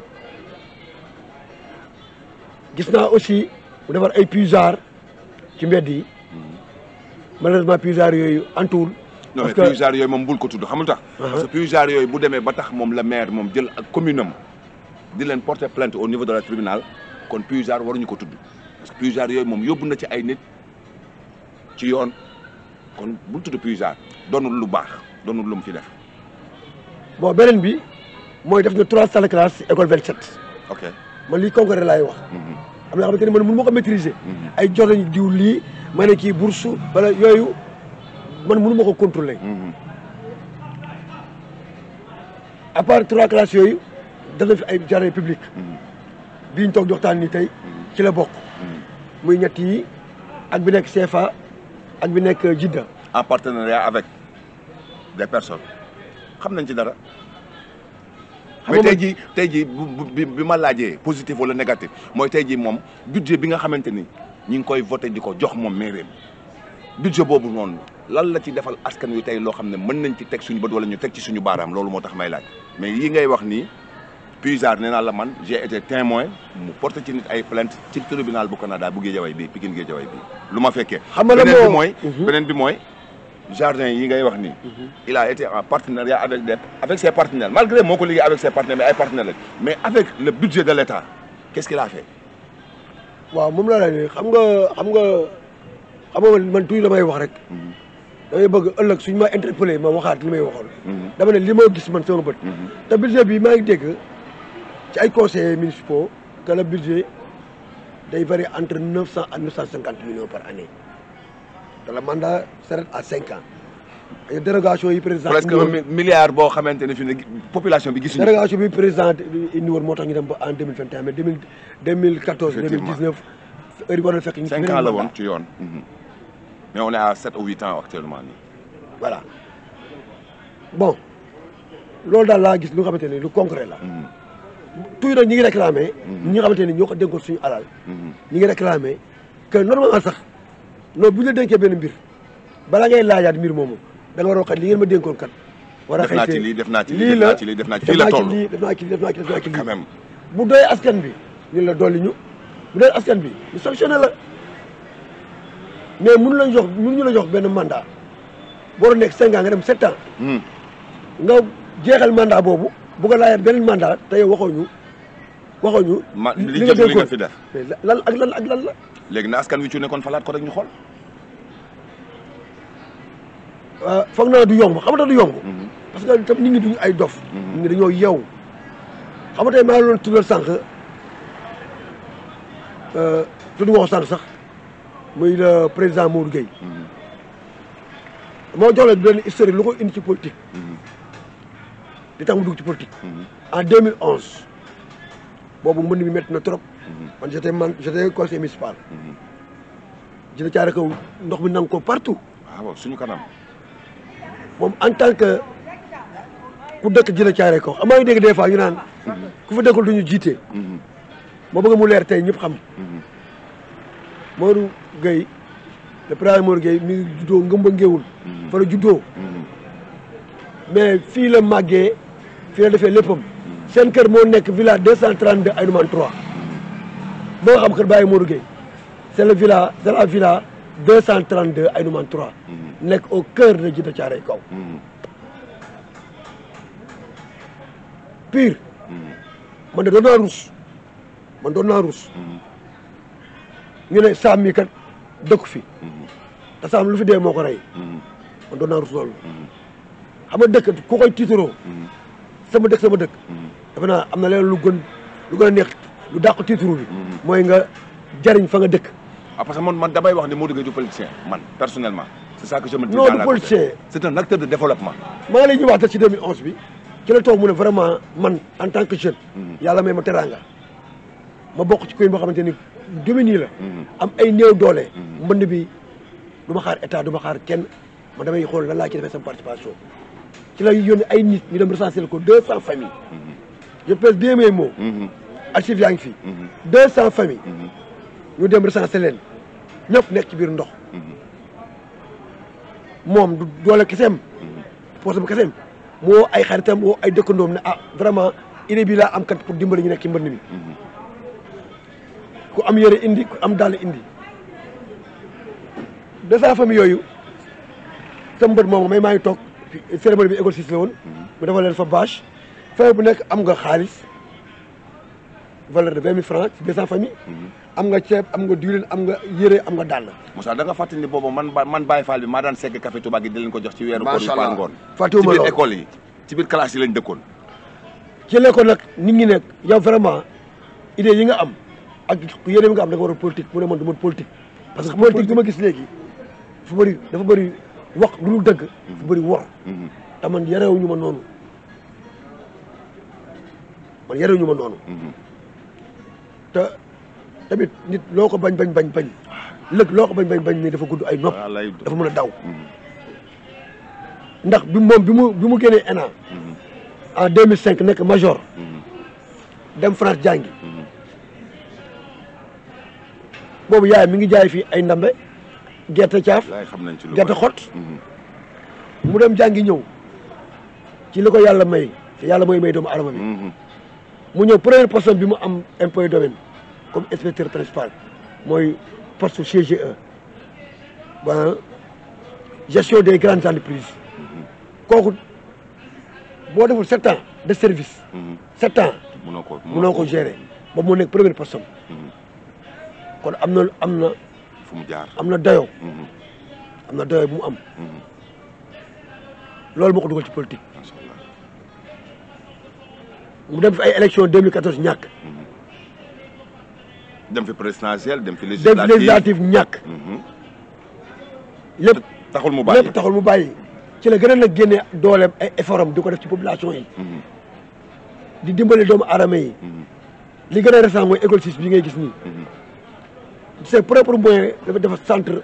gis naa aussi mu defar ay puisard ci mbedd yi mhm. na puisard yooyu antuwul. yooyu que non mais puisard yooyu moom bul ko tudd xamul tax. Uh-huh. parce que yooyu bu demee ba tax moom la maire moom jël ak commune am. di leen porter plainte au niveau de la tribunal kon puisard waruñu ko tudd parce que puisard yooyu moom yóbbu na ci ay nit ci yoon kon bu tudd puisard doonul lu baax doonul lu mu fi def. bon beneen bi mooy def na trois salle classe si école 27. ok ma lii concret laay wax. Mhm. am na xamante ne man mun ma ko maîtriser. Mhm. ay jox lañu diw lii ma ne kii bourse wala yooyu man mënu ma ko contrôler. Mhm. à part trois yooyu. def fi ay jardin public bi ñu toog di waxtaan ni tey ci la bokk muy ñetti yi ak bi nekk CFA ak bi nekk Jidda en partenariat avec de personnes xam nañ ci dara mais tey jii tey ji bu bi ma laajee positif wala négatif mooy tey jii moom budget bi nga xamante ni ñi ngi koy voté di ko jox moom mairie budget boobu noonu lan la ci defal askan wi tey loo xam ne mën nañ ci teg suñu bët wala ñu teg ci suñu baaraam loolu moo tax may laaj mais yii ngay wax nii Puisard nee naa la man j'ai été témoin mu porté ci nit ay plainte ci tribunal bu Canada bu Guédiawaye bii Pikine Guédiawaye bii lu ma fekkee. xam bi mooy. Mhm. beneen bi mooy jardin yi ngay wax ni mhm. il a été en partenariat avec des avec ses partenaires malgré moo ko liggéey avec ses partenaires mais ay partenaires lañ mais avec le budget de l'État qu'est-ce qu'il a fait. waaw moom laa lay dégg xam nga xam nga xam nga man tuuti damay wax rek. Mhm. damay bëgg ëllëg suñ ma interpellé ma waxaat li may waxoon. dama ne li ma gis man sama bët. ci ay conseillers municipaux que le budget day varie entre neuf cent ak neuf cent cinquante millions par année te le mandat s'arrête cinq ans. ay dérogation yi président. presque un boo xamante ne fi ne bi gis dérogation bi président indi woon moo tax ñu dem ba en deux mille vingt et un mais deux mille deux mille quatorze. deux mille dix neuf heure yi war fekk ñu. cinq ans la woon ci yoon. Mhm. mais on est à au ou huit ans actuellement nii. voilà bon loolu daal laa gis lu nga xamante ne lu concret la. Mhm. toujours nag ñi ngi réclamé. Mm-hmm. ñi nga xamante ne ñoo ko dénkoon suñu alal. Mm-hmm. ñi ngi réclamé que normalement sax non bu ñu la dénkee benn mbir balaa ngay laajaat mbir moomu da nga a kat li ngeen ma dénkoon kat. war a lii def naa ci lii def ci lii def naa ci lii la toll def naa ci lii def naa ci lii def naa ci bu doyee askan bi ñu la dolli ñu bu doyee askan bi ñu sanctionné la mais mënu la jox ñu la jox benn mandat boo nekk cinq ans nga dem sept mm. nga jeexal mandat boobu. bëgg naa yem beneen mandat te yow waxoo ñu ma li jëm li nga fi def lan ak lan ak lan la. léegi na askan wi ci nekkoon falaat ko rek ñu xool. Euh, foog naa du yomb xam nga du yomb. Mhm. parce que tam nit ñi duñu ay dof. Mhm. nit ñi dañoo yeewu. xam nga tey maa ngi sànq euh, tudd nga ko sax muy le président Modou Gueye. Mhm. moo jox leen benn historique lu ko indi ci politique. li tax mu dugg ci politique. en 2011 boobu mbënd mi métti na trop. man j'étais man j'étais conseiller municipal. dina kaw ndox mi nangu ko partout. Ah suñu kanam. moom en tant que ku dëkk jëla caare kaw amaa ah, ngi dégg des fois ñu naan ku fa dëkkul duñu jiite. moo bëgg mu leer tey ñëpp xam. Modou Gueye le président Modou Gueye mi ngi juddoo ngëmba ngéewul fa la juddoo mm-hmm. mais fii la màggee. fi la defee léppam seen kër moo nekk villa 232 Aïnoumane 3 ba nga xam kër Baye Modou Gueye c' est le villa c' est la villa 232 Aïnoumane 3 nekk au cœur de Djidah Thiaroye Kaw mm-hmm. pire mm-hmm. man de doon ruus man doon naa ruus mm-hmm. ñu ne saam mi kat dëkk fi te saam lu fi dee moo ko rey man doon naa ruus loolu xam dëkk ku koy tiitaroo sama dëkk sama dëkk hmm. dafa am na leen lu gën lu gën a neex lu dàq tiituru bi hmm. mooy nga jariñ fa nga dëkk ah que man man damay wax ne moo Gueye du politicien man personnellement c'est ça que je me dis non du politicien c'est un acteur de développement wax ci 2011 bi ci la toog mu ne vraiment man en tant que jeune hmm. yàlla may ma teraanga ma bokk ci koy boo xamante ni domini la am ay néew doole mbënd bi du ma xaar état du ma xaar kenn ma damay xool lan laa ci defee sama participation ci la ay nit ñu dem recenser ko deux cent familles je pèse bien mes mots mhm. archive ngi fi mhm. deux cent famille mhm. ñu dem recenser leen ñëpp nekk ci biir ndox moom du doole keseem poche bu keseem mu ay xaritam woo ay dëkkandoom ne a ah, vraiment idée bi laa am kat pour dimbali ñu nekk ci mbënd mi am yére indi ku am dàll indi deux cent familles yooyu sa mbër moom may maa ngi toog cérémonie bi école six la woon. Mhm. mu defal leen fa bâche. famille bu nekk am nga xaalis valeur de vingt mille francs ci deux famille. Mhm. am nga ceeb am nga diwlin am nga yére am nga dàll. Moussa da nga fàttali ne boobu man man Baye Fall bi maa daan segg café Touba gi di leen ko jox ci weeru. macha allah fàttewuma lool ci biir école yi ci biir classe lañ dëkkoon. ci l'école nag nit ñi nekk yow vraiment idée yi nga am ak yéene yi nga am da nga war a politique mu man du ma politique. parce que politique bi ma gis léegi dafa bëri dafa bëri. wax lu dul dëgg. fu mm-hmm. bëri wor. Mm-hmm. te man yarewuñu ma noonu man yarewuñu ma noonu. Mm-hmm. te tamit nit loo ko bañ bañ bañ bañ. lëg looko bañ bañ bañ nii dafa gudd ay nopp. dafa mën a daw. ndax bi moom bi mu bi mu génnee ENA. en 2005 nekk major. dem France jàngi. boobu yaay mi ngi jaay fii ay ndambe. gerte caaf gerte xot mhm. mu dem jàngi ñëw ci li ko yàlla may te yàlla mooy may doomu adama bi mhm. mu ñëw première personne bi mu am impôt domaine comme inspecteur principal mooy poste CGE ba gestion des grandes entreprises mhm. kooku boo deful sept ans de service sept ans mënoo ko ko gérer ba mu nekk première personne kon am na fu am na dayoo mm-hmm. am na dayoo bu mu am mm-hmm. loolu moo ko dugal ci politique mu dem fi ay élection 2014 ñàkk mm-hmm. dem fi présidentielle dem fi législative ñàkk lépp taxul mu bàyyi lépp taxul mu bàyyi ci la gën a nag génne dooleem ay effort am di ko def ci population yi di dimbali doomu aadama yi li gën a récent mooy école 6 bi ngay gis nii ses propres moyens dafa centre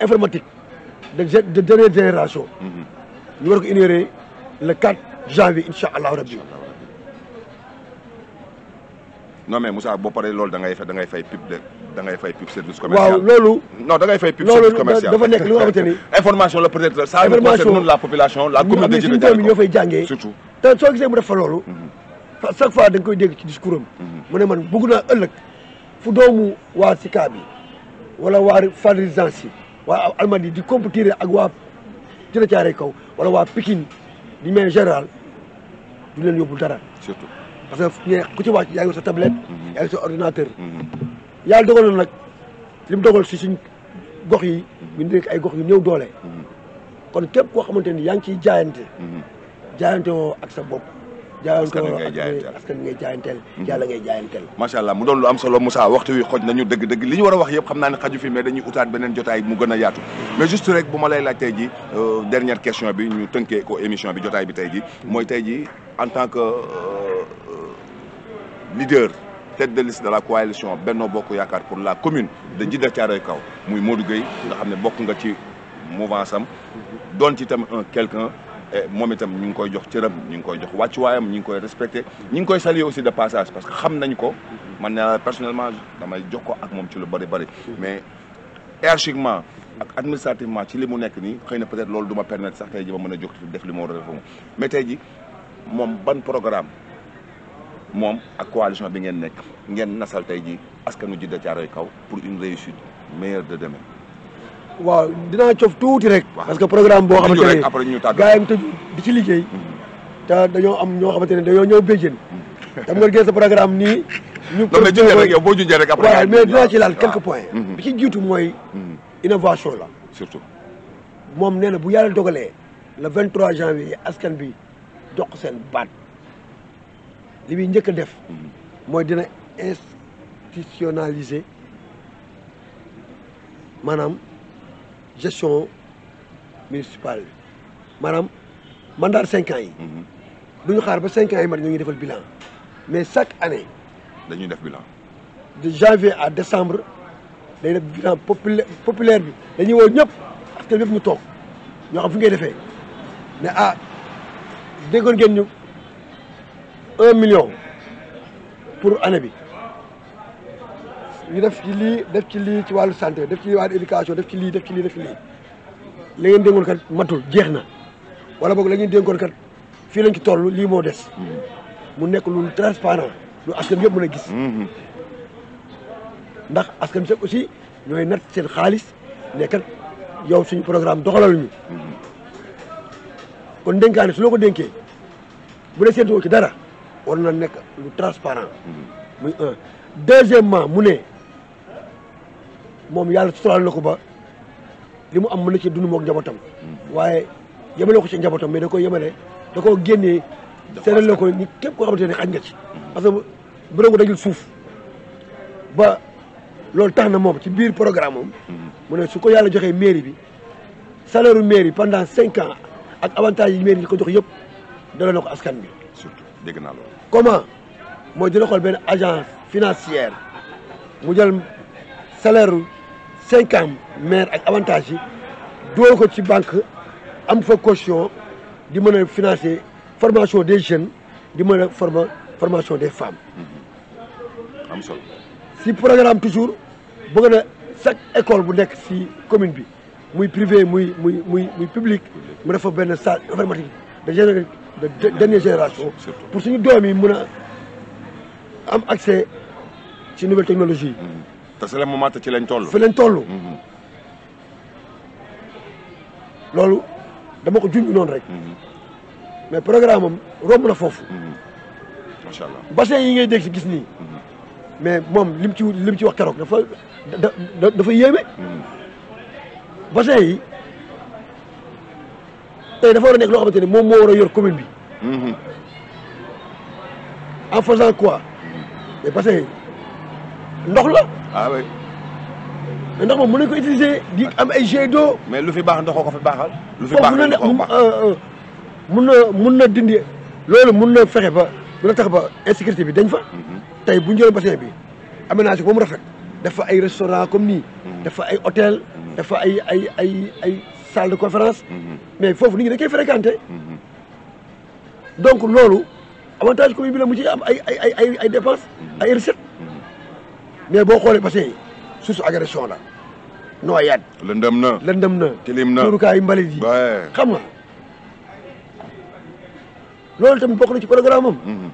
informatique de de génération. Mm-hmm. ñu war ko le 4 janvier incha allahu rabbi. non mais Moussa boo paree loolu da ngay da de da ngay fay pub service commercial. waaw loolu. non da ngay fay pub service commercial loolu dafa nekk li nga xamante ni. information la la population la communauté. de Djidah ñoo fay jàngee surtout. te soo gisee mu def fa loolu. Mm-hmm. chaque fois da nga koy dégg ci discours am. Mm-hmm. mu ne man bëgg naa ëllëg. fu doomu waa Sika bi wala waa Fann Résidence waa Almadies di compétir ak waa Dina Thiaroye kaw wala waa Pikine di main général du leen yóbbul dara. surtout parce que ñee ku ci wàcc yaa ngi sa tablette. Mm-hmm. yaa ngi sa ordinateur. Mm-hmm. yàlla dogal nag li mu dogal si suñ gox yi. Mm-hmm. ñu ay gox yu néew doole. kon képp koo xamante ni yaa ngi ciy jaayante. jaayante woo ak sa bopp. askan wi ngay jaayanteel mhm. askan wi ngay jaayanteel yàlla allah mu doon lu am solo Moussa waxtu wi xoj nañu dëgg dëgg li ñu war wax yëpp xam naa ne xaju fi mais dañuy utaat beneen jotaay mu gën a yaatu mais juste rek bu ma lay laaj tey ji euh, dernière question bi ñu tënkee ko émission bi jotaay bi tey ji mooy tey ji en tant que euh, leader tête de liste de la coalition Benno Bokk Yaakaar pour la commune de Djiddah Thiaroye Kaw muy Modou Gueye nga xam ne bokk nga ci mouvance am mhm. doon ci tam un quelqu'un Eh, moom itam ñu ngi koy jox cëram ñu ngi koy jox wàccuwaayam ñu ngi koy respecté ñu ngi koy saluer aussi de passage parce que xam nañ ko man na personnellement damay jox ko ak moom ci lu bëri bëri mais hiérarchiquement ak administrativement ci li mu nekk nii xëy na peut-être loolu du ma permettre sax tey ji mën a jóg def li ma war a def moom tey ji moom ban programme moom ak coalition bi ngeen nekk ngeen nasal tey ji askanu Djiddah Thiaroye Kaw pour une réussite meilleure de demain waaw dinaa cof tuuti rek. parce que programme boo xamante ne gaa yi tëj bi ci liggéey. Hmm. te dañoo am ñoo xamante ne dañoo ñëw béjjén. tam hmm. nga gis sa programme nii. ñu ko rek yow boo junjee rek après. waaw mais dinaa ci laal quelques points. Hmm. bi ci jiitu mooy. innovation la. surtout moom nee na bu yàlla dogalee le 23 janvier askan bi jox ko seen baat li muy njëkk a def. mooy dina institutionnaliser maanaam. gestion municipale bi maanaam mandat cinq ans yi. Mhm. du ñu xaar ba cinq ans yi mat nga ñuy defal bilan. mais chaque année. dañuy def bilan. de janvier à décembre day def bilan populaire populaire bi dañuy woo ñëpp askan ñëpp ñu toog ñoo xam fi ngay defee ne ah déggoon ngeen ñu un million pour année bi. ñu def ci lii def ci lii ci wàllu santé def ci wàllu éducation def ci lii def ci lii def ci lii la ngeen dénkoon kat matul jeex na wala boog la ngeen dénkoon kat fii lañ ci toll lii moo des mu nekk lu transparent lu askan yëpp mën a gis mhm. ndax askan bi aussi ñooy nat seen xaalis ne kat yow suñu programme doxalal ñu mhm. kon dénkaane su loo ko dénkee bu dee seen ci dara war na nekk lu transparent mhm. muy un mu ne moom yàlla suturaal na ko ba li mu am mën na ci dund moog njabootam waaye yemale ko ci njabootam mais da ko yemale da koo génnee seetal la ko ni képp koo xamante ne xaj nga ci parce que burangu dajul suuf ba loolu tax na moom ci biir programme am mu ne su ko yàlla joxee mairi bi salaire u mairie pendant cinq ans ak avantage yi mairie di ko jox yëpp dala na ko askan bi surtout dégg naa comment mooy dina xool benn agence financière mu jël salaire cinq ans maire ak avantage yi doo ko ci banque am fa caution di mën a financer formation des jeunes di mën a former formation des femmes. Mm-hmm. am solo si programme toujours bëgg na chaque école bu nekk si commune bi muy privé muy muy muy muy public mu def benn salle informatique de géné de dernière génération. pour suñu doom yi mën a am accès ci nouvelle technologie mm-hmm. te c'est le moment te ci lañ toll. fi lañ mhm. loolu dama ko junj noonu rek. Mhm. mais programme am romb na foofu. Mhm. macha yi ngay dégg si gis nii. mais moom lim ci lim ci wax keroog dafa da dafa yéeme. bassin yi tey dafa war a nekk loo xamante ni moom moo war a yor commune bi. en faisant quoi mais bassin ndox la. ah oui. mais ndox moom mën nañu ko utiliser am ay jet mais lu fi baax ndoxoo ko baaxal. lu fi baax ndoxoo ko baax euh, euh, mun na mun na dindi loolu mun na fexe ba mun na tax ba insécurité bi dañ fa. Mhm. tey bu ñu ba bassin bi aménagé ko ba mu rafet. dafa ay restaurant comme nii. Mhm. dafa ay hôtel. Mhm. dafa ay ay ay ay salle de conférence. mais foofu nit ñi dañ koy donc loolu avantage commune bi la mu ci am ay ay ay ay dépenses ay recettes. mais boo xoolee bassin yi source agression la nooyaat. lëndëm na lëndëm na. tilim na tuurukaayu mbalit yi. xam nga loolu tamit bokk na ci programme am. Mhm.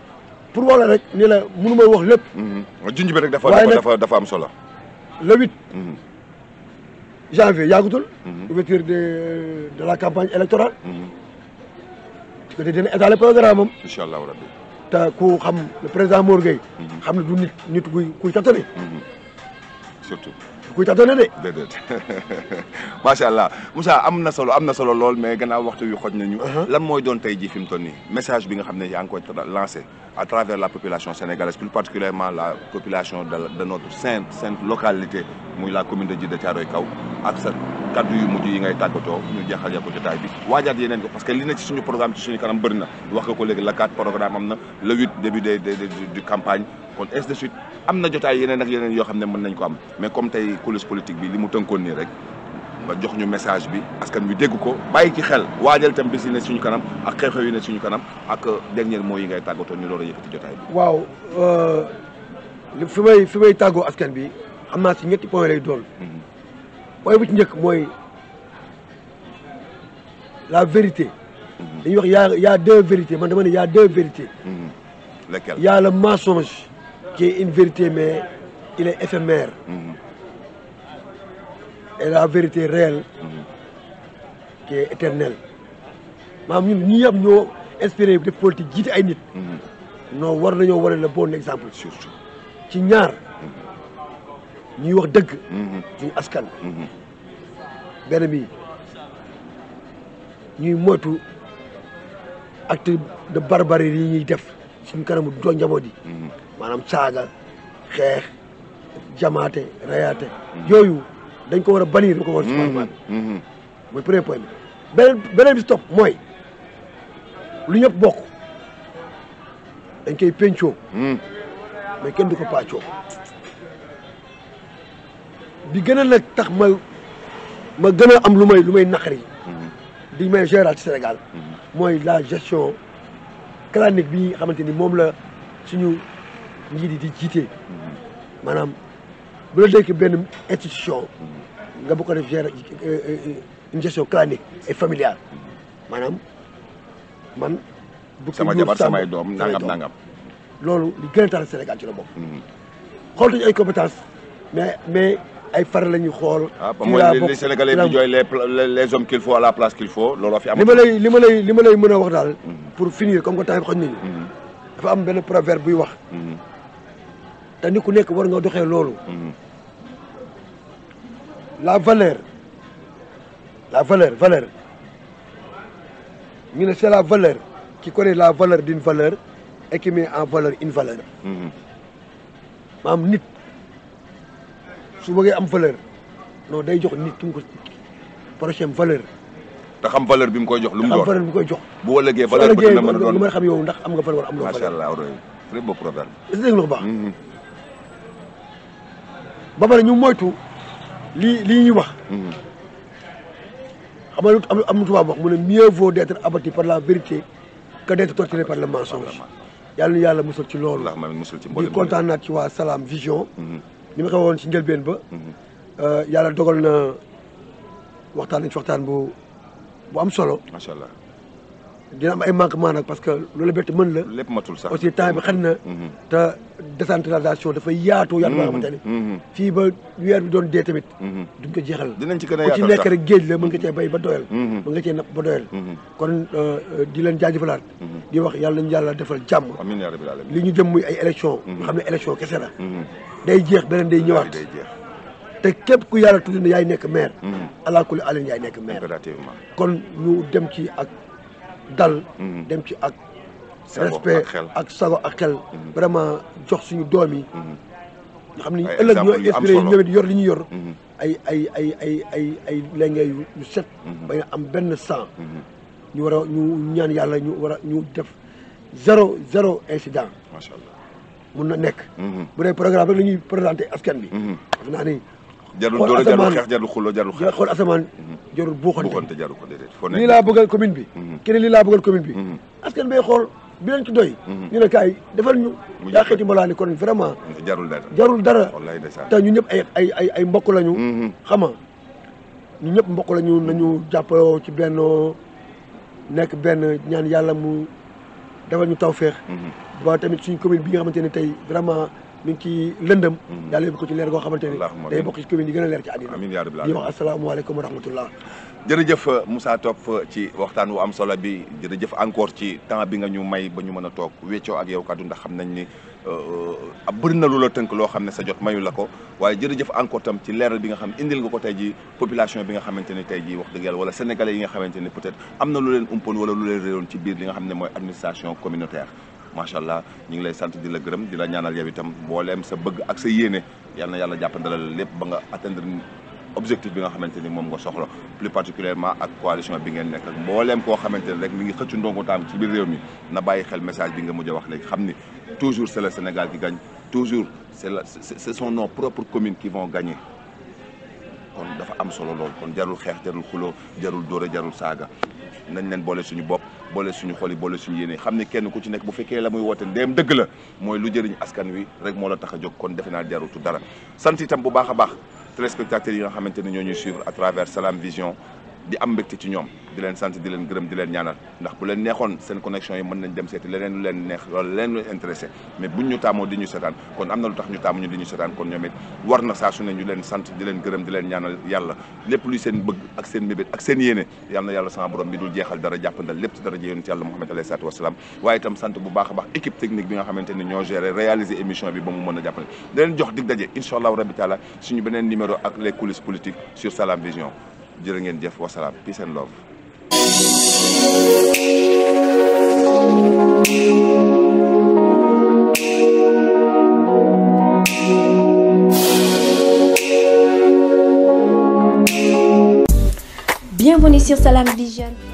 pour wax la rek ni la mënu ma wax lépp. Mhm. junj bi rek dafa dafa dafa am solo. le huit. Mhm. janvier yàggutul. ouverture de de la campagne électorale. te dina étaler programme am. incha allahu rabbi. te ku xam président Mor Gueye mhm. xam ne du nit nit kuy kuy tattane mhm. surtout kuy tattane de déedéet macha allah Moussa am na solo am na lool mais gannaaw waxtu yu xoj nañu uh-huh. lan mooy doon tey ji fi mu toll nii message bi nga xam ne yaa ngi koy lancé à travers la population sénégalaise plus particulièrement la population de de notre sainte sainte localité muy la commune de Djiddah Thiaroye Kao ak sa kaddu yu mujj yi ngay tàggatoo ñu jeexalee ko jotaay bi waajaat yeneen ko parce que li na ci suñu programme ci suñu kanam bëri na wax nga ko léegi la programme am na le 8 début de du campagne kon est de suite am na jotaay yeneen yoo xam ne mën nañ ko am mais comme tey coulisse politique bi li mu tënkoon nii rek nga jox ñu message bi askan wi dégg ko bàyyi ci xel waajal tam bis yi ne suñu kanam ak xew-xew yi ne suñu kanam ak dernier mot yi ngay tàggatoo ñu loolu yëkkati jotaay bi. waaw euh, fi may may tàggoo askan bi xam naa si ñetti point lay waaye bu ci njëkk mooy la vérité dañuy wax yaa y' vérité deux vérités man dama ne y' a deux vérités mm-hmm. lesquelles y' le mensonge qui est vérité mais il éphémère mm-hmm. et la vérité réelle mm-hmm. qui est éternelle maanaam ñun ñi am ñoo inspiré def politique jiite ay nit non war nañoo war la bon exemple surtout ci ñaar ñuy wax dëgg. suñu mm-hmm. askan. Mm-hmm. benn bi ñuy moytu acte de barbarie yi ñuy def suñu kanamu doo njaboot yi. Mm-hmm. maanaam saaga xeex jamaate rayaate. yooyu dañ ko war a bannir. dañ ko war a suñu mooy premier point bi beneen beneen bi si topp mooy lu ñëpp bokk dañ koy pencoo. mais kenn du ko paacoo. bi gën a nag tax ma ma gën am lu may lu may naqari mm-hmm. di may géral ci Sénégal mm-hmm. mooy la gestion clanique bi nga xamante ni moom la suñu njiit di jiite mm-hmm. maanaam bu la dénk benn institution nga bu ko def gérer euh, euh, une gestion clanique et familiale maanaam man. bu sama jabar samay doom nangam nangam. loolu li gën a tax Sénégal ci la bokk. xool nañu ay far la ñuy xool. kii ah, laa bokk sénégalais bi jooy les les hommes qu'il faut à la place qu'il faut looloo fi am. li ma lay li ma lay mën a wax daal. Mm-hmm. pour finir comme que temps xooj nañu. Mm-hmm. dafa am benn proverbe buy wax. Mm-hmm. te ni ku nekk war nga doxee loolu. la valeur la valeur valeur ñu ne c'est la valeur qui connaît la valeur d'une valeur et qui en valeur une valeur. maam nit. su bëggee am valeur non day jox nit ki mu ko prochain valeur. te xam valeur bi mu koy jox lu mu doon valeur bi mu koy jox. bu ëllëgee valeur bi dina mën a doon lu mën a xam yow ndax am nga valeur am nga valeur macha allah roy très beau proverbe. est-ce que dégg nga lu baax. Mm-hmm. ba pare ñu moytu lii lii ñuy wax. Mm-hmm. xam am am tubaab wax mu ne mieux vaut d'être abattu par la vérité que d'être torturé par le mensonge. yàlla yàlla musal ci loolu. alhamdulilah musul ci mboolem di kontaan naa ci waa salaam Vision. Mm-hmm. li ma ko woon ci njëlbeen ba. Mhm. Euh, yàlla dogal na waxtaan nañ fi waxtaan bu bu am solo. macha allah. dina am ay manquement nag parce que loolu bett mën la. lépp matul sax aussi temps bi xëy na. Mm-hmm. te décentralisation dafa yaatu. yaatu boo xamante ni. Mm-hmm. Mm-hmm. ba weer bi doon tamit. duñ ko jeexal. dinañ ci gën a nekk rek géej mën nga cee bay ba doyal. mën nga cee napp ba doyal. kon euh, di leen jaajëfalaat. di wax yàlla nañu yàlla defal jàmm. amiin yaa rabbil li ñu jëm muy ay élection kese la. day jeex beneen day ñëwaat. day te képp ku yàlla tudd na yaay nekk maire. alaakulli alin yaay nekk maire. impérativement kon ñu dem ci ak dal mm. dem ci ak respect ak sago ak xel mm. vraiment jox suñu doom yi mm. nga xam ne ëllëg ñoo espéré yi ñoom it yor li ñu yor ay ay ay ay ay ay lenge yu set bañ am benn sang ñu war a ñu ñaan yàlla ñu war a ñu def zéro zéro incident macha allah mun na nekk bu dee programme rek la ñuy présenté askan bi daf naa ni jarul doole jarul xeex jarul xuloo jarul xeex xool asamaan mhm. jarul buuxante buuxante jarul ko déedéet foo nekk mhm. lii laa bëggal commune bi kene lii laa bëggal commune bi askan bay xool bi leen ci doy mhm. ñu ne kaay defal ñu yaa xeeti mbalaani kon vraiment jarul dara jarul dara te ñu ñëpp ay ay ay ay mbokk lañu xama ñu ñëpp mbokk lañu nañu jàppaloo ci benn nekk benn ñaan yàlla mu defal ñu tawféex ba tamit suñu commune bi nga xamante ne tey vraiment mi ngi ci lëndëm mm. yàlla yóbbu ko ci leer goo xamante ni day bokk ci commune yi gën a leer ci àddina di wax asalaamaaleykum wa rahmatullah jërëjëf Moussa Top ci waxtaan wu am solo bi jërëjëf encore ci temps bi nga ñu may ba ñu mën a toog weccoo ak yow kaddu ndax xam nañ ni euh, a bëri na lu la tënk loo xam ne sa jot mayu la ko waaye jërëjëf encore tam ci leeral bi nga xam indil nga ko tey ji population bi nga xamante ne tey ji wax dëgg yàlla wala sénégalais yi nga xamante ne peut-être am na lu leen umpoon wala lu leen réeroon ci biir li xam ne mooy administration communautaire macha allah ñu ngi lay sant di la gërëm di la ñaanal yow itam mbooleem sa bëgg ak sa yéene yal na yàlla jàppandalal lépp ba nga atteindre objectif bi nga xamante ni moom nga soxla plus particulièrement ak coalition bi ngeen nekk ak mbooleem koo xamante ni rek mi ngi xëccu ndongo taam ci biir réew mi na bàyyi xel message bi nga mujj a wax léegi xam ni toujours c'est Sénégal qui gagne toujours c'est la ce sont no propres communes qui vont gagner kon dafa am solo lool kon jarul xeex jarul xuloo jarul dóore jarul saaga nañ leen boole suñu bopp boole suñu xoli yi boole suñu yéene xam ne kenn ku ci nekk bu fekkee la muy woote ndéem dëgg la mooy lu jëriñ askan wi rek moo la tax a jóg kon defe naa jarutu dara sant itam bu baax a baax téléspectateurs yi nga xamante ne ñoo ñuy suivre à travers Salam Vision di am mbégte ci ñoom di leen sant di leen gërëm di leen ñaanal ndax bu leen neexoon seen connexion yi mën nañ dem seeti leneen lu leen neex wala leneen lu leen intéressé mais buñ ñu taamoo di ñu seetaan kon am na lu tax ñu taamu ñu di ñu seetaan kon ñoom war na saa su ne ñu leen sant di leen gërëm di leen ñaanal yàlla lépp lu seen bëgg ak seen mébét ak seen yéene yàlla na yàlla sama borom bi dul jeexal dara jàppandal lépp ci dara yonent yàlla Muhammad alayhi sant bu baax a baax équipe nga xamante ne ñoo géré réaliser émission bi ba mu mën a jàppale suñu beneen numéro ak les coulisses politiques sur Salam jërë ngeen jëf wasalaam peace and love Bienvenue sur Salam Vision.